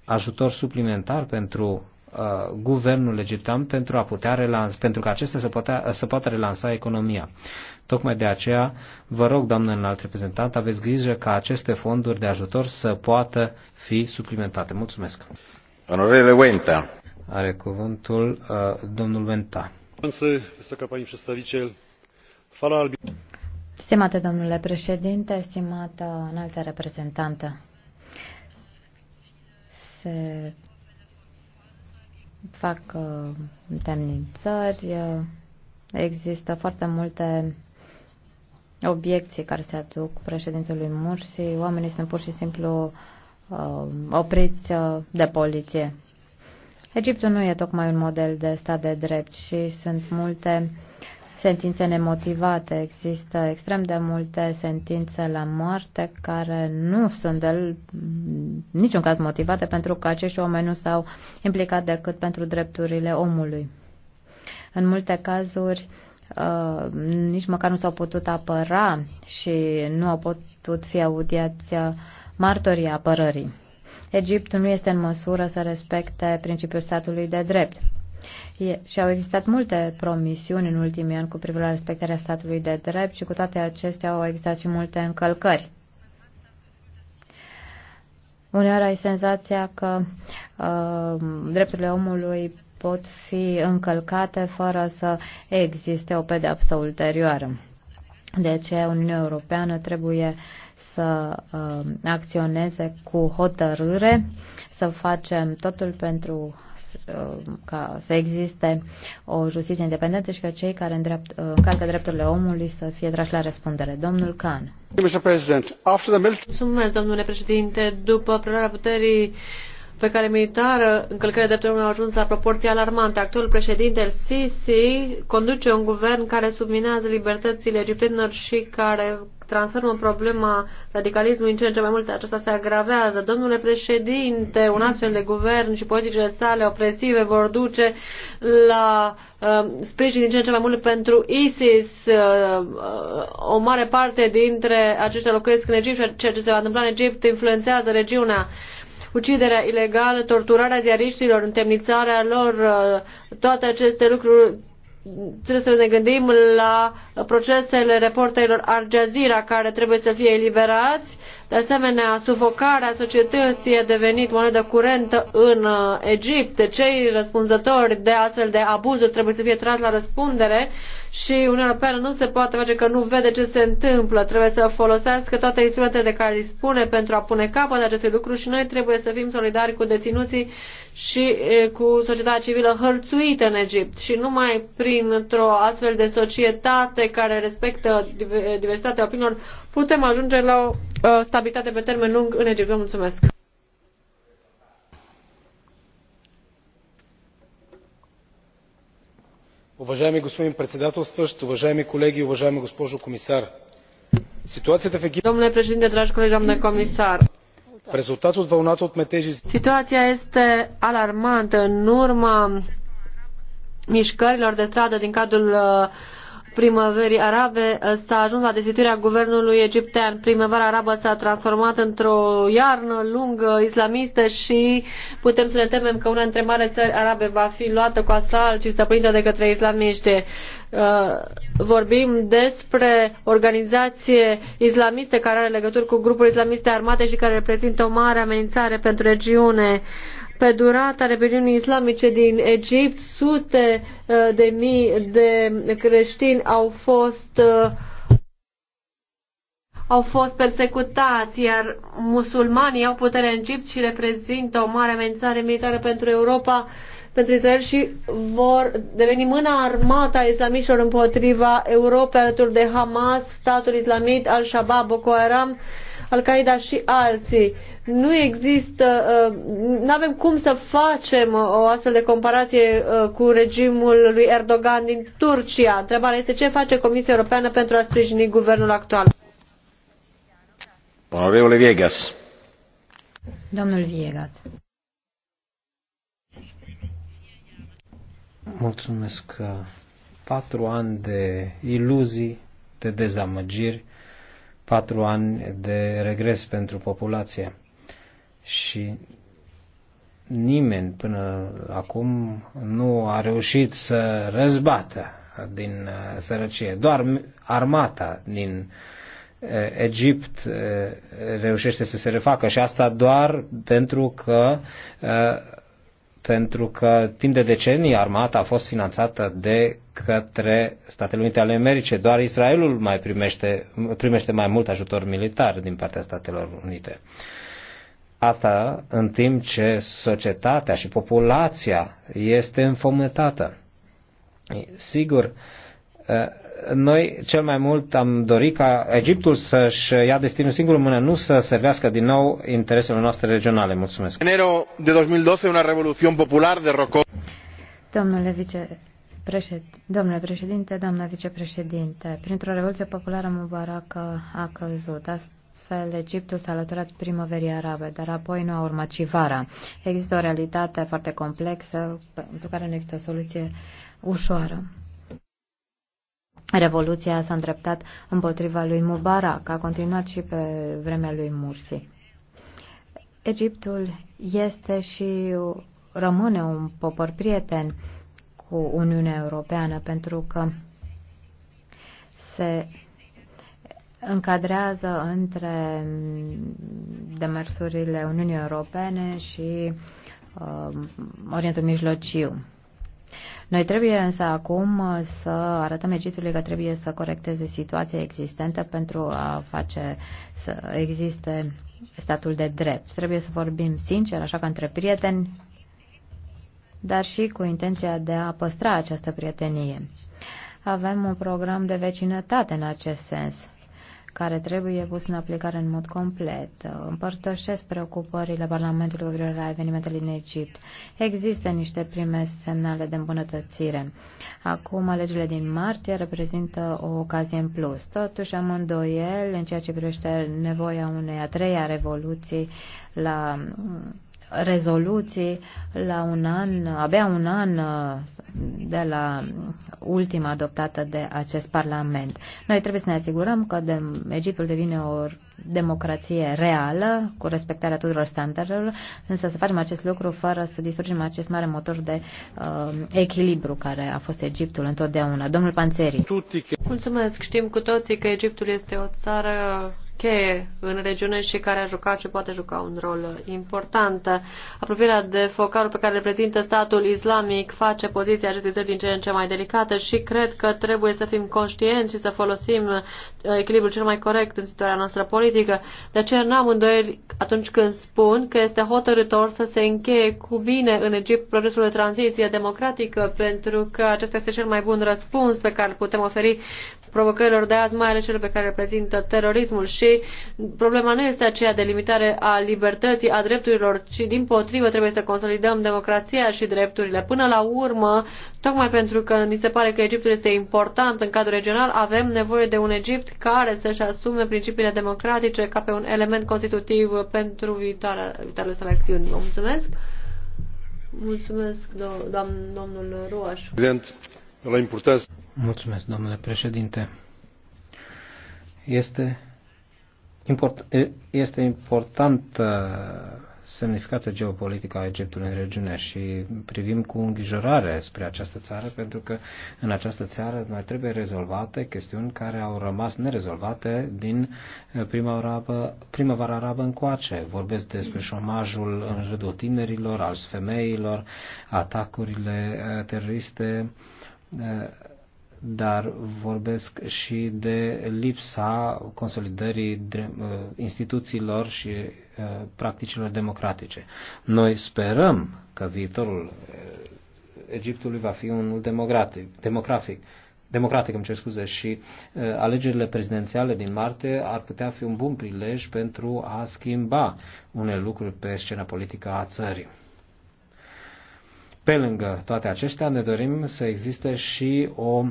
Speaker 4: ajutor suplimentar pentru Uh, guvernul egiptean pentru, a putea relans, pentru că acesta să, putea, uh, să poată relansa economia. Tocmai de aceea vă rog, doamnă înalt reprezentant, aveți grijă ca aceste fonduri de ajutor să poată fi suplimentate. Mulțumesc. Onorele Wenta. Are cuvântul uh, domnul Wenta.
Speaker 3: Stimate domnule președinte, stimată înaltă reprezentantă, se fac uh, temnițări, uh, există foarte multe obiecții care se aduc președintelui Mursi, oamenii sunt pur și simplu uh, opriți uh, de poliție. Egiptul nu e tocmai un model de stat de drept și sunt multe uh, sentințe nemotivate. Există extrem de multe sentințe la moarte care nu sunt de niciun caz motivate pentru că acești oameni nu s-au implicat decât pentru drepturile omului. În multe cazuri, Uh, nici măcar nu s-au putut apăra și nu au putut fi audiați uh, martorii apărării. Egiptul nu este în măsură să respecte principiul statului de drept. E, și au existat multe promisiuni în ultimii ani cu privire la respectarea statului de drept și cu toate acestea au existat și multe încălcări. Uneori ai senzația că uh, drepturile omului pot fi încălcate fără să existe o pedeapsă ulterioară. De ce Uniunea Europeană trebuie să uh, acționeze cu hotărâre, să facem totul pentru Uh, ca să existe o justiție independentă și ca cei care îndrept, uh, încalcă drepturile omului să fie trași la răspundere.
Speaker 1: Domnul Khan. Mulțumesc, domnule președinte. După prelarea puterii pe care militară încălcările drepturilor omului au ajuns la proporții alarmante. Actualul președinte al Sisi conduce un guvern care subminează libertățile egiptenilor și care transformă problema radicalismului în ce în ce mai multe. Aceasta se agravează. Domnule președinte, un astfel de guvern și politicile sale opresive vor duce la uh, sprijin din ce în ce mai mult pentru ISIS. Uh, uh, o mare parte dintre aceștia locuiesc în Egipt și ceea ce se va întâmpla în Egipt influențează regiunea. Uh, uciderea ilegală, torturarea ziariștilor, întemnițarea lor, uh, toate aceste lucruri trebuie să ne gândim la procesele reporterilor Al Jazeera care trebuie să fie eliberați, de asemenea, sufocarea societății a devenit monedă curentă în uh, Egipt. Cei răspunzători de astfel de abuzuri trebuie să fie tras la răspundere și Uniunea Europeană nu se poate face că nu vede ce se întâmplă. Trebuie să folosească toate instrumentele de care dispune pentru a pune capăt acestui lucru și noi trebuie să fim solidari cu deținuții și cu societatea civilă hărțuită în Egipt și numai printr-o astfel de societate care respectă diversitatea opiniilor putem ajunge la o uh, stabilitate pe termen lung în Egipt. Vă mulțumesc!
Speaker 4: Уважаеми господин председателстващ, уважаеми колеги, уважаема госпожо комисар,
Speaker 1: ситуацията в Египет... Domnule președinte, dragi colegi, domnule comisar, В резултат от вълната от метежи... Ситуация este alarmantă în urma mișcărilor de stradă din cadrul uh, primăverii arabe uh, s-a ajuns la destituirea guvernului egiptean. Primăvara arabă s-a transformat într-o iarnă lungă islamistă și putem să ne temem că una dintre mari țări arabe va fi luată cu asalt și stăpânită de către islamiști uh, vorbim despre organizație islamistă care are legături cu grupuri islamiste armate și care reprezintă o mare amenințare pentru regiune. Pe durata rebeliunii islamice din Egipt, sute uh, de mii de creștini au fost uh, au fost persecutați, iar musulmanii au putere în Egipt și reprezintă o mare amenințare militară pentru Europa, pentru Israel și vor deveni mâna armată a islamiștilor împotriva Europei alături de Hamas, statul islamit, al-Shabaab, Boko Haram, al-Qaeda și alții. Nu există, uh, nu avem cum să facem uh, o astfel de comparație uh, cu regimul lui Erdogan din Turcia. Întrebarea este ce face Comisia Europeană pentru a sprijini guvernul actual.
Speaker 6: Domnul Viegas.
Speaker 3: Domnul Viegas.
Speaker 4: Mulțumesc. Patru ani de iluzii, de dezamăgiri, patru ani de regres pentru populație. Și nimeni până acum nu a reușit să răzbată din uh, sărăcie. Doar armata din uh, Egipt uh, reușește să se refacă și asta doar pentru că pentru că timp de decenii armata a fost finanțată de către Statele Unite ale Americii. Doar Israelul mai primește, primește mai mult ajutor militar din partea Statelor Unite. Asta în timp ce societatea și populația este înfometată. Sigur, noi cel mai mult am dorit ca Egiptul să-și ia destinul singur în mână, nu să servească din nou interesele noastre regionale. Mulțumesc.
Speaker 6: Enero de 2012, una revoluție popular derrocó.
Speaker 3: Domnule vice Președ... Domnule președinte, doamna vicepreședinte, printr-o revoluție populară Mubarak a căzut. Astfel, Egiptul s-a alăturat primăverii arabe, dar apoi nu a urmat și vara. Există o realitate foarte complexă pentru care nu există o soluție ușoară. Revoluția s-a îndreptat împotriva lui Mubarak, a continuat și pe vremea lui Mursi. Egiptul este și rămâne un popor prieten cu Uniunea Europeană pentru că se încadrează între demersurile Uniunii Europene și uh, Orientul Mijlociu. Noi trebuie însă acum uh, să arătăm Egiptului că trebuie să corecteze situația existentă pentru a face să existe statul de drept. Trebuie să vorbim sincer, așa ca între prieteni, dar și cu intenția de a păstra această prietenie. Avem un program de vecinătate în acest sens care trebuie pus în aplicare în mod complet. Împărtășesc preocupările Parlamentului cu la evenimentele din Egipt. Există niște prime semnale de îmbunătățire. Acum, alegerile din martie reprezintă o ocazie în plus. Totuși, am îndoiel în ceea ce privește nevoia unei a treia revoluții la rezoluții la un an, abia un an uh, de la ultima adoptată de acest Parlament. Noi trebuie să ne asigurăm că de, Egiptul devine o democrație reală, cu respectarea tuturor standardelor, însă să facem acest lucru fără să distrugem acest mare motor de uh, echilibru care a fost Egiptul întotdeauna. Domnul Panțeri.
Speaker 1: Mulțumesc. Știm cu toții că Egiptul este o țară cheie în regiune și care a jucat și poate juca un rol important. Apropierea de focarul pe care reprezintă statul islamic face poziția acestei țări din ce în ce mai delicată și cred că trebuie să fim conștienți și să folosim uh, echilibrul cel mai corect în situația noastră politică. De aceea n-am îndoieli atunci când spun că este hotărător să se încheie cu bine în Egipt procesul de tranziție democratică, pentru că acesta este cel mai bun răspuns pe care îl putem oferi provocărilor de azi, mai ales cele pe care reprezintă terorismul și problema nu este aceea de limitare a libertății, a drepturilor, ci din potrivă trebuie să consolidăm democrația și drepturile. Până la urmă, tocmai pentru că mi se pare că Egiptul este important în cadrul regional, avem nevoie de un Egipt care să-și asume principiile democratice ca pe un element constitutiv pentru viitoarea, viitoarele selecțiuni. Vă mulțumesc! Mulțumesc, do- doamn, domnul Ruaș.
Speaker 6: Evident la importanță.
Speaker 4: Mulțumesc, domnule președinte. Este, import, este importantă semnificația geopolitică a Egiptului în regiune și privim cu îngrijorare spre această țară pentru că în această țară mai trebuie rezolvate chestiuni care au rămas nerezolvate din arabă, primăvara arabă încoace. Vorbesc despre șomajul în rândul tinerilor, al femeilor, atacurile teroriste, Eh, dar vorbesc și de lipsa consolidării eh, instituțiilor și eh, practicilor democratice. Noi sperăm că viitorul Egiptului va fi unul democratic, democratic, democratic îmi cer scuze, și alegerile prezidențiale din martie ar putea fi un bun prilej pentru a schimba unele lucruri pe scena politică a țării. Pe lângă toate acestea, ne dorim să existe și o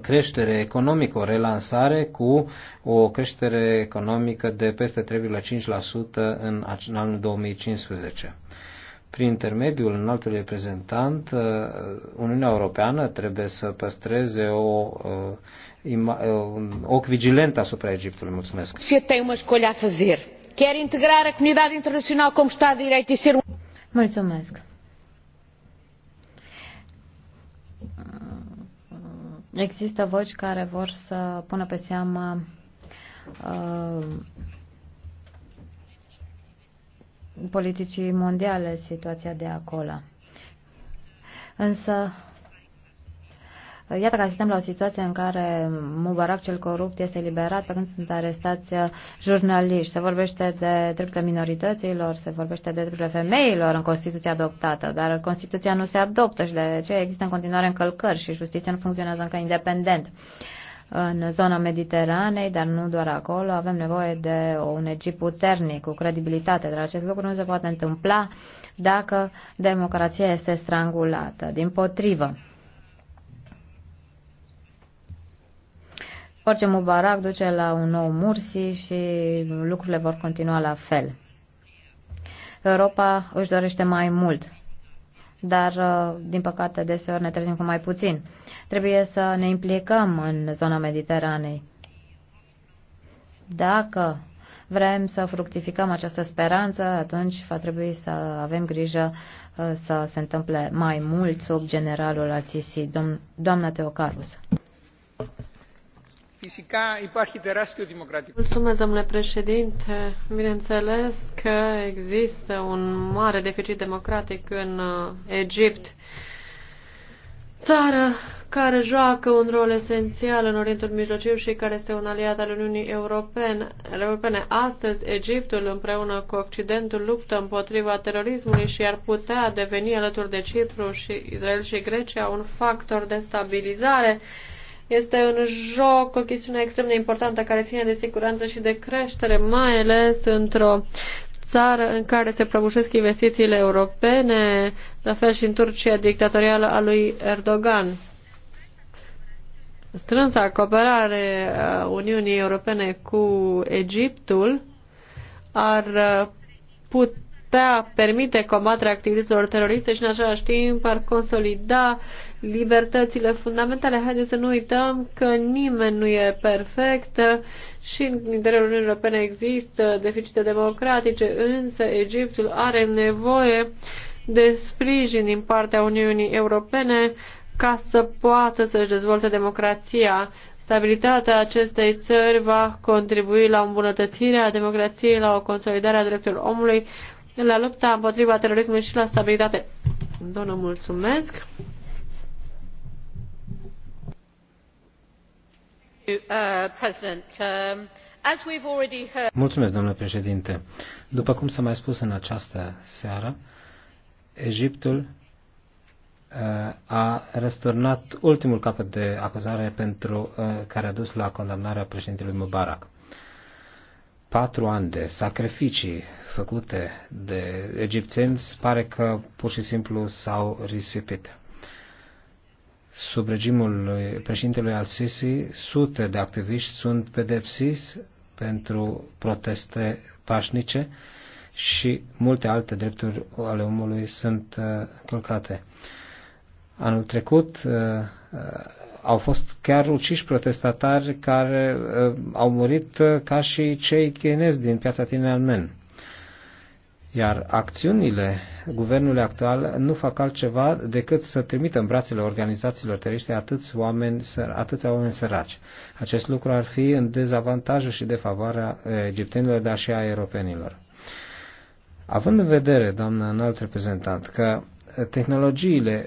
Speaker 4: creștere economică, o relansare cu o creștere economică de peste 3,5% în anul 2015. Prin intermediul înaltului reprezentant, Uniunea Europeană trebuie să păstreze o, o ochi vigilent asupra Egiptului. Mulțumesc.
Speaker 5: Se tem uma escolha a fazer. Quer integrar a comunidade internacional como Estado de Direito e ser Mulțumesc.
Speaker 3: Există voci care vor să pună pe seama uh, politicii mondiale situația de acolo. Însă Iată că asistăm la o situație în care Mubarak cel corupt este eliberat pe când sunt arestați jurnaliști. Se vorbește de drepturile minorităților, se vorbește de drepturile femeilor în Constituția adoptată, dar Constituția nu se adoptă și de ce există în continuare încălcări și justiția nu funcționează încă independent în zona Mediteranei, dar nu doar acolo. Avem nevoie de un Egipt puternic, cu credibilitate, dar acest lucru nu se poate întâmpla dacă democrația este strangulată. Din potrivă, Orice Mubarak duce la un nou Mursi și lucrurile vor continua la fel. Europa își dorește mai mult, dar, uh, din păcate, deseori ne trezim cu mai puțin. Trebuie să ne implicăm în zona Mediteranei. Dacă vrem să fructificăm această speranță, atunci va trebui să avem grijă uh, să se întâmple mai mult sub generalul al Sisi, doamna Teocarus.
Speaker 1: Mulțumesc, domnule președinte. Bineînțeles că există un mare deficit democratic în uh, Egipt, țară care joacă un rol esențial în Orientul Mijlociu și care este un aliat al Uniunii Europene. Astăzi, Egiptul împreună cu Occidentul luptă împotriva terorismului și ar putea deveni alături de Cipru și Israel și Grecia un factor de stabilizare este în joc o chestiune extrem de importantă care ține de siguranță și de creștere, mai ales într-o țară în care se prăbușesc investițiile europene, la fel și în Turcia dictatorială a lui Erdogan. Strânsa cooperare a Uniunii Europene cu Egiptul ar putea permite combaterea activităților teroriste și în același timp ar consolida libertățile fundamentale. Haideți să nu uităm că nimeni nu e perfect și în interiorul Uniunii Europene există deficite democratice, însă Egiptul are nevoie de sprijin din partea Uniunii Europene ca să poată să-și dezvolte democrația. Stabilitatea acestei țări va contribui la îmbunătățirea democrației, la o consolidare a drepturilor omului, la lupta împotriva terorismului și la stabilitate. Doamnă, mulțumesc! Uh,
Speaker 5: um,
Speaker 4: Mulțumesc, domnule președinte. După cum s-a mai spus în această seară, Egiptul uh, a răsturnat ultimul capăt de acuzare pentru, uh, care a dus la condamnarea președintelui Mubarak. Patru ani de sacrificii făcute de egipțeni pare că pur și simplu s-au risipit. Sub regimul președintelui al-Sisi, sute de activiști sunt pedepsiți pentru proteste pașnice și multe alte drepturi ale omului sunt uh, încălcate. Anul trecut uh, uh, au fost chiar uciși protestatari care au murit ca și cei chinezi din piața Tiananmen. Iar acțiunile guvernului actual nu fac altceva decât să trimită în brațele organizațiilor teroriste atâți oameni, atâția oameni săraci. Acest lucru ar fi în dezavantajul și defavoarea eh, egiptenilor, dar și a europenilor. Având în vedere, doamnă înalt reprezentant, că tehnologiile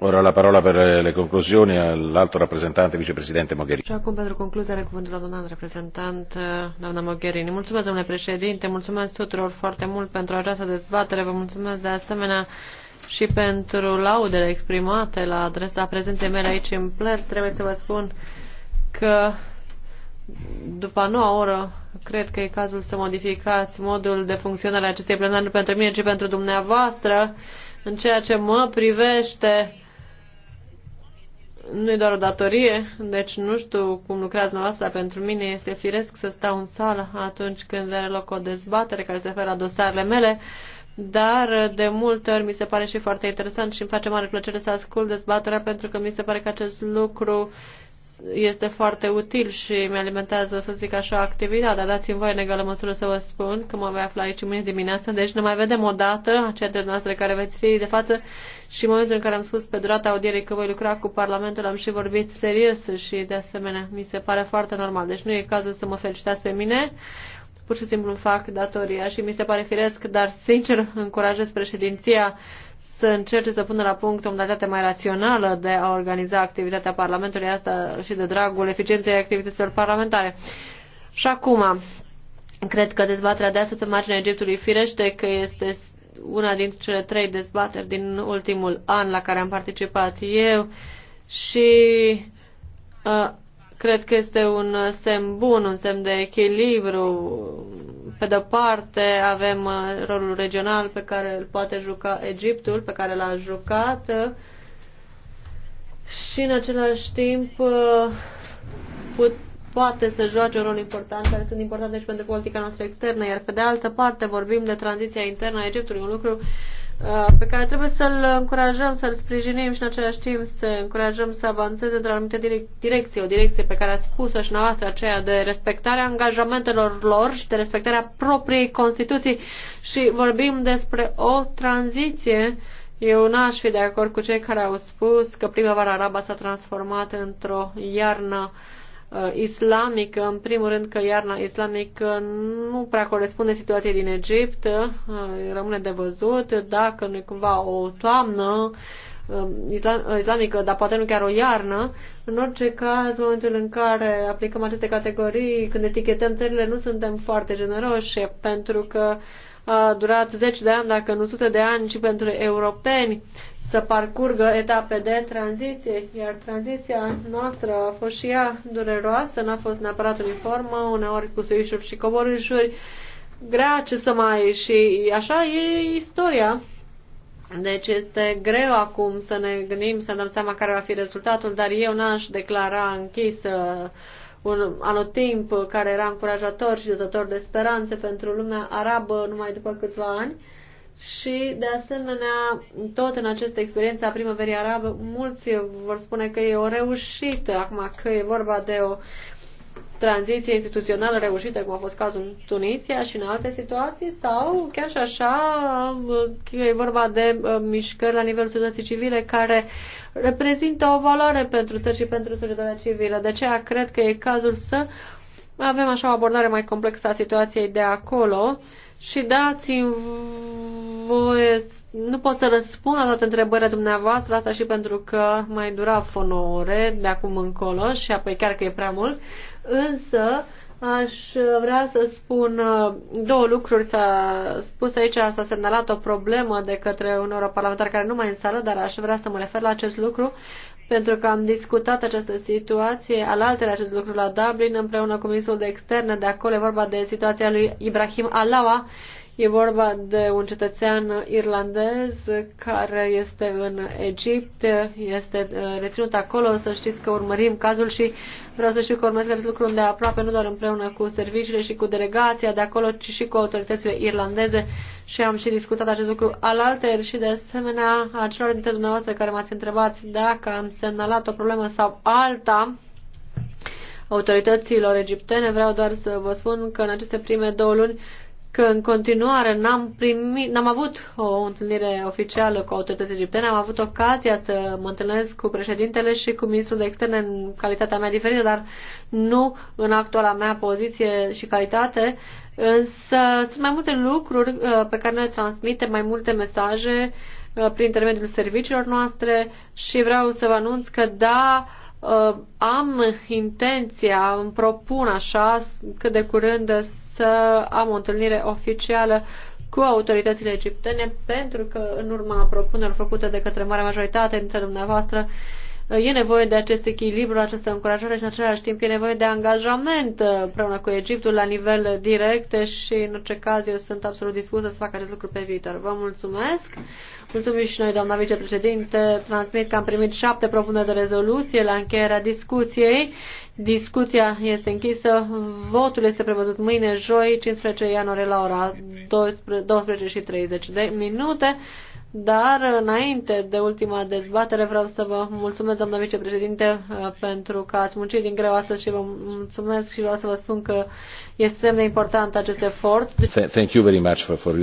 Speaker 6: Ora la parola per eh, le conclusioni all'alto rappresentante vicepresidente Mogherini.
Speaker 5: Și acum
Speaker 1: pentru concluzie are cuvântul la doamna reprezentant, eh, doamna Mogherini. Mulțumesc, domnule președinte, mulțumesc tuturor foarte mult pentru această dezbatere, vă mulțumesc de asemenea și pentru laudele exprimate la adresa prezenței mele aici în plen. Trebuie să vă spun că după a noua oră, cred că e cazul să modificați modul de funcționare a acestei plenare pentru mine, ci pentru dumneavoastră, în ceea ce mă privește nu e doar o datorie, deci nu știu cum lucrează dumneavoastră, dar pentru mine este firesc să stau în sală atunci când are loc o dezbatere care se referă la dosarele mele, dar de multe ori mi se pare și foarte interesant și îmi face mare plăcere să ascult dezbaterea pentru că mi se pare că acest lucru este foarte util și mi alimentează, să zic așa, activitatea. Dați-mi voi în egală măsură să vă spun că mă voi afla aici mâine dimineață, deci ne mai vedem o dată, aceia de noastre care veți fi de față și în momentul în care am spus pe durata audierei că voi lucra cu Parlamentul, am și vorbit serios și de asemenea mi se pare foarte normal. Deci nu e cazul să mă felicitați pe mine, pur și simplu fac datoria și mi se pare firesc, dar sincer încurajez președinția să încerce să pună la punct o modalitate mai rațională de a organiza activitatea Parlamentului, asta și de dragul eficienței activităților parlamentare. Și acum, cred că dezbaterea de astăzi pe marginea Egiptului firește că este una dintre cele trei dezbateri din ultimul an la care am participat eu și uh, cred că este un semn bun, un semn de echilibru. Pe de-o parte avem uh, rolul regional pe care îl poate juca Egiptul, pe care l-a jucat uh, și în același timp uh, put, poate să joace un rol important, care sunt importante și pentru politica noastră externă, iar pe de altă parte vorbim de tranziția internă a Egiptului, un lucru uh, pe care trebuie să-l încurajăm, să-l sprijinim și în același timp să încurajăm să avanseze într-o anumită direcție, o direcție pe care a spus-o și noastră aceea de respectarea angajamentelor lor și de respectarea propriei Constituții și vorbim despre o tranziție eu n-aș fi de acord cu cei care au spus că primăvara araba s-a transformat într-o iarnă uh, Uh, islamică, în primul rând că iarna islamică nu prea corespunde situației din Egipt, uh, rămâne de văzut dacă nu cumva o toamnă um, islam, uh, islamică, dar poate nu chiar o iarnă. În orice caz, în momentul în care aplicăm aceste categorii, când etichetăm țările, nu suntem foarte generoși, pentru că a durat zeci de ani, dacă nu sute de ani, și pentru europeni să parcurgă etape de tranziție, iar tranziția noastră a fost și ea dureroasă, n-a fost neapărat uniformă, uneori cu suișuri și coborâșuri, grea ce să mai și așa e istoria. Deci este greu acum să ne gândim, să dăm seama care va fi rezultatul, dar eu n-aș declara închis uh, un anotimp care era încurajator și dătător de speranțe pentru lumea arabă numai după câțiva ani. Și, de asemenea, tot în această experiență a primăverii arabe, mulți vor spune că e o reușită, acum că e vorba de o tranziție instituțională reușită, cum a fost cazul în Tunisia și în alte situații, sau chiar și așa că e vorba de uh, mișcări la nivelul societății civile care reprezintă o valoare pentru țări și pentru societatea civilă. De aceea cred că e cazul să avem așa o abordare mai complexă a situației de acolo și dați-mi voie, nu pot să răspund la toate întrebările dumneavoastră, asta și pentru că mai dura fără o ore de acum încolo și apoi chiar că e prea mult, însă aș vrea să spun uh, două lucruri. S-a spus aici, s-a semnalat o problemă de către un europarlamentar care nu mai e în sală, dar aș vrea să mă refer la acest lucru pentru că am discutat această situație altele acest lucru la Dublin împreună cu ministrul de externe. De acolo e vorba de situația lui Ibrahim Alawa. E vorba de un cetățean irlandez care este în Egipt, este eh, reținut acolo, să știți că urmărim cazul și Vreau să știu că urmăresc acest lucru de aproape, nu doar împreună cu serviciile și cu delegația de acolo, ci și cu autoritățile irlandeze și am și discutat acest lucru alalter și de asemenea acelor dintre dumneavoastră care m-ați întrebat dacă am semnalat o problemă sau alta autorităților egiptene. Vreau doar să vă spun că în aceste prime două luni că în continuare n-am, primit, n-am avut o întâlnire oficială cu autorități egiptene, am avut ocazia să mă întâlnesc cu președintele și cu ministrul de externe în calitatea mea diferită, dar nu în actuala mea poziție și calitate. Însă sunt mai multe lucruri uh, pe care noi le transmitem, mai multe mesaje uh, prin intermediul serviciilor noastre și vreau să vă anunț că da, uh, am intenția, îmi propun așa, cât de curând să am o întâlnire oficială cu autoritățile egiptene, pentru că în urma propunerilor făcute de către marea majoritate dintre dumneavoastră, uh, E nevoie de acest echilibru, această încurajare și în același timp e nevoie de angajament uh, împreună cu Egiptul la nivel direct și în orice caz eu sunt absolut dispusă să fac acest lucru pe viitor. Vă mulțumesc! Mulțumim și noi, doamna vicepreședinte. Transmit că am primit șapte propuneri de rezoluție la încheierea discuției. Discuția este închisă. Votul este prevăzut mâine, joi, 15 ianuarie, la ora 12 și 30 de minute. Dar înainte de ultima dezbatere vreau să vă mulțumesc, doamna vicepreședinte, pentru că ați muncit din greu astăzi și vă mulțumesc și vreau să vă spun că este semn de important acest efort. Thank you very much for, for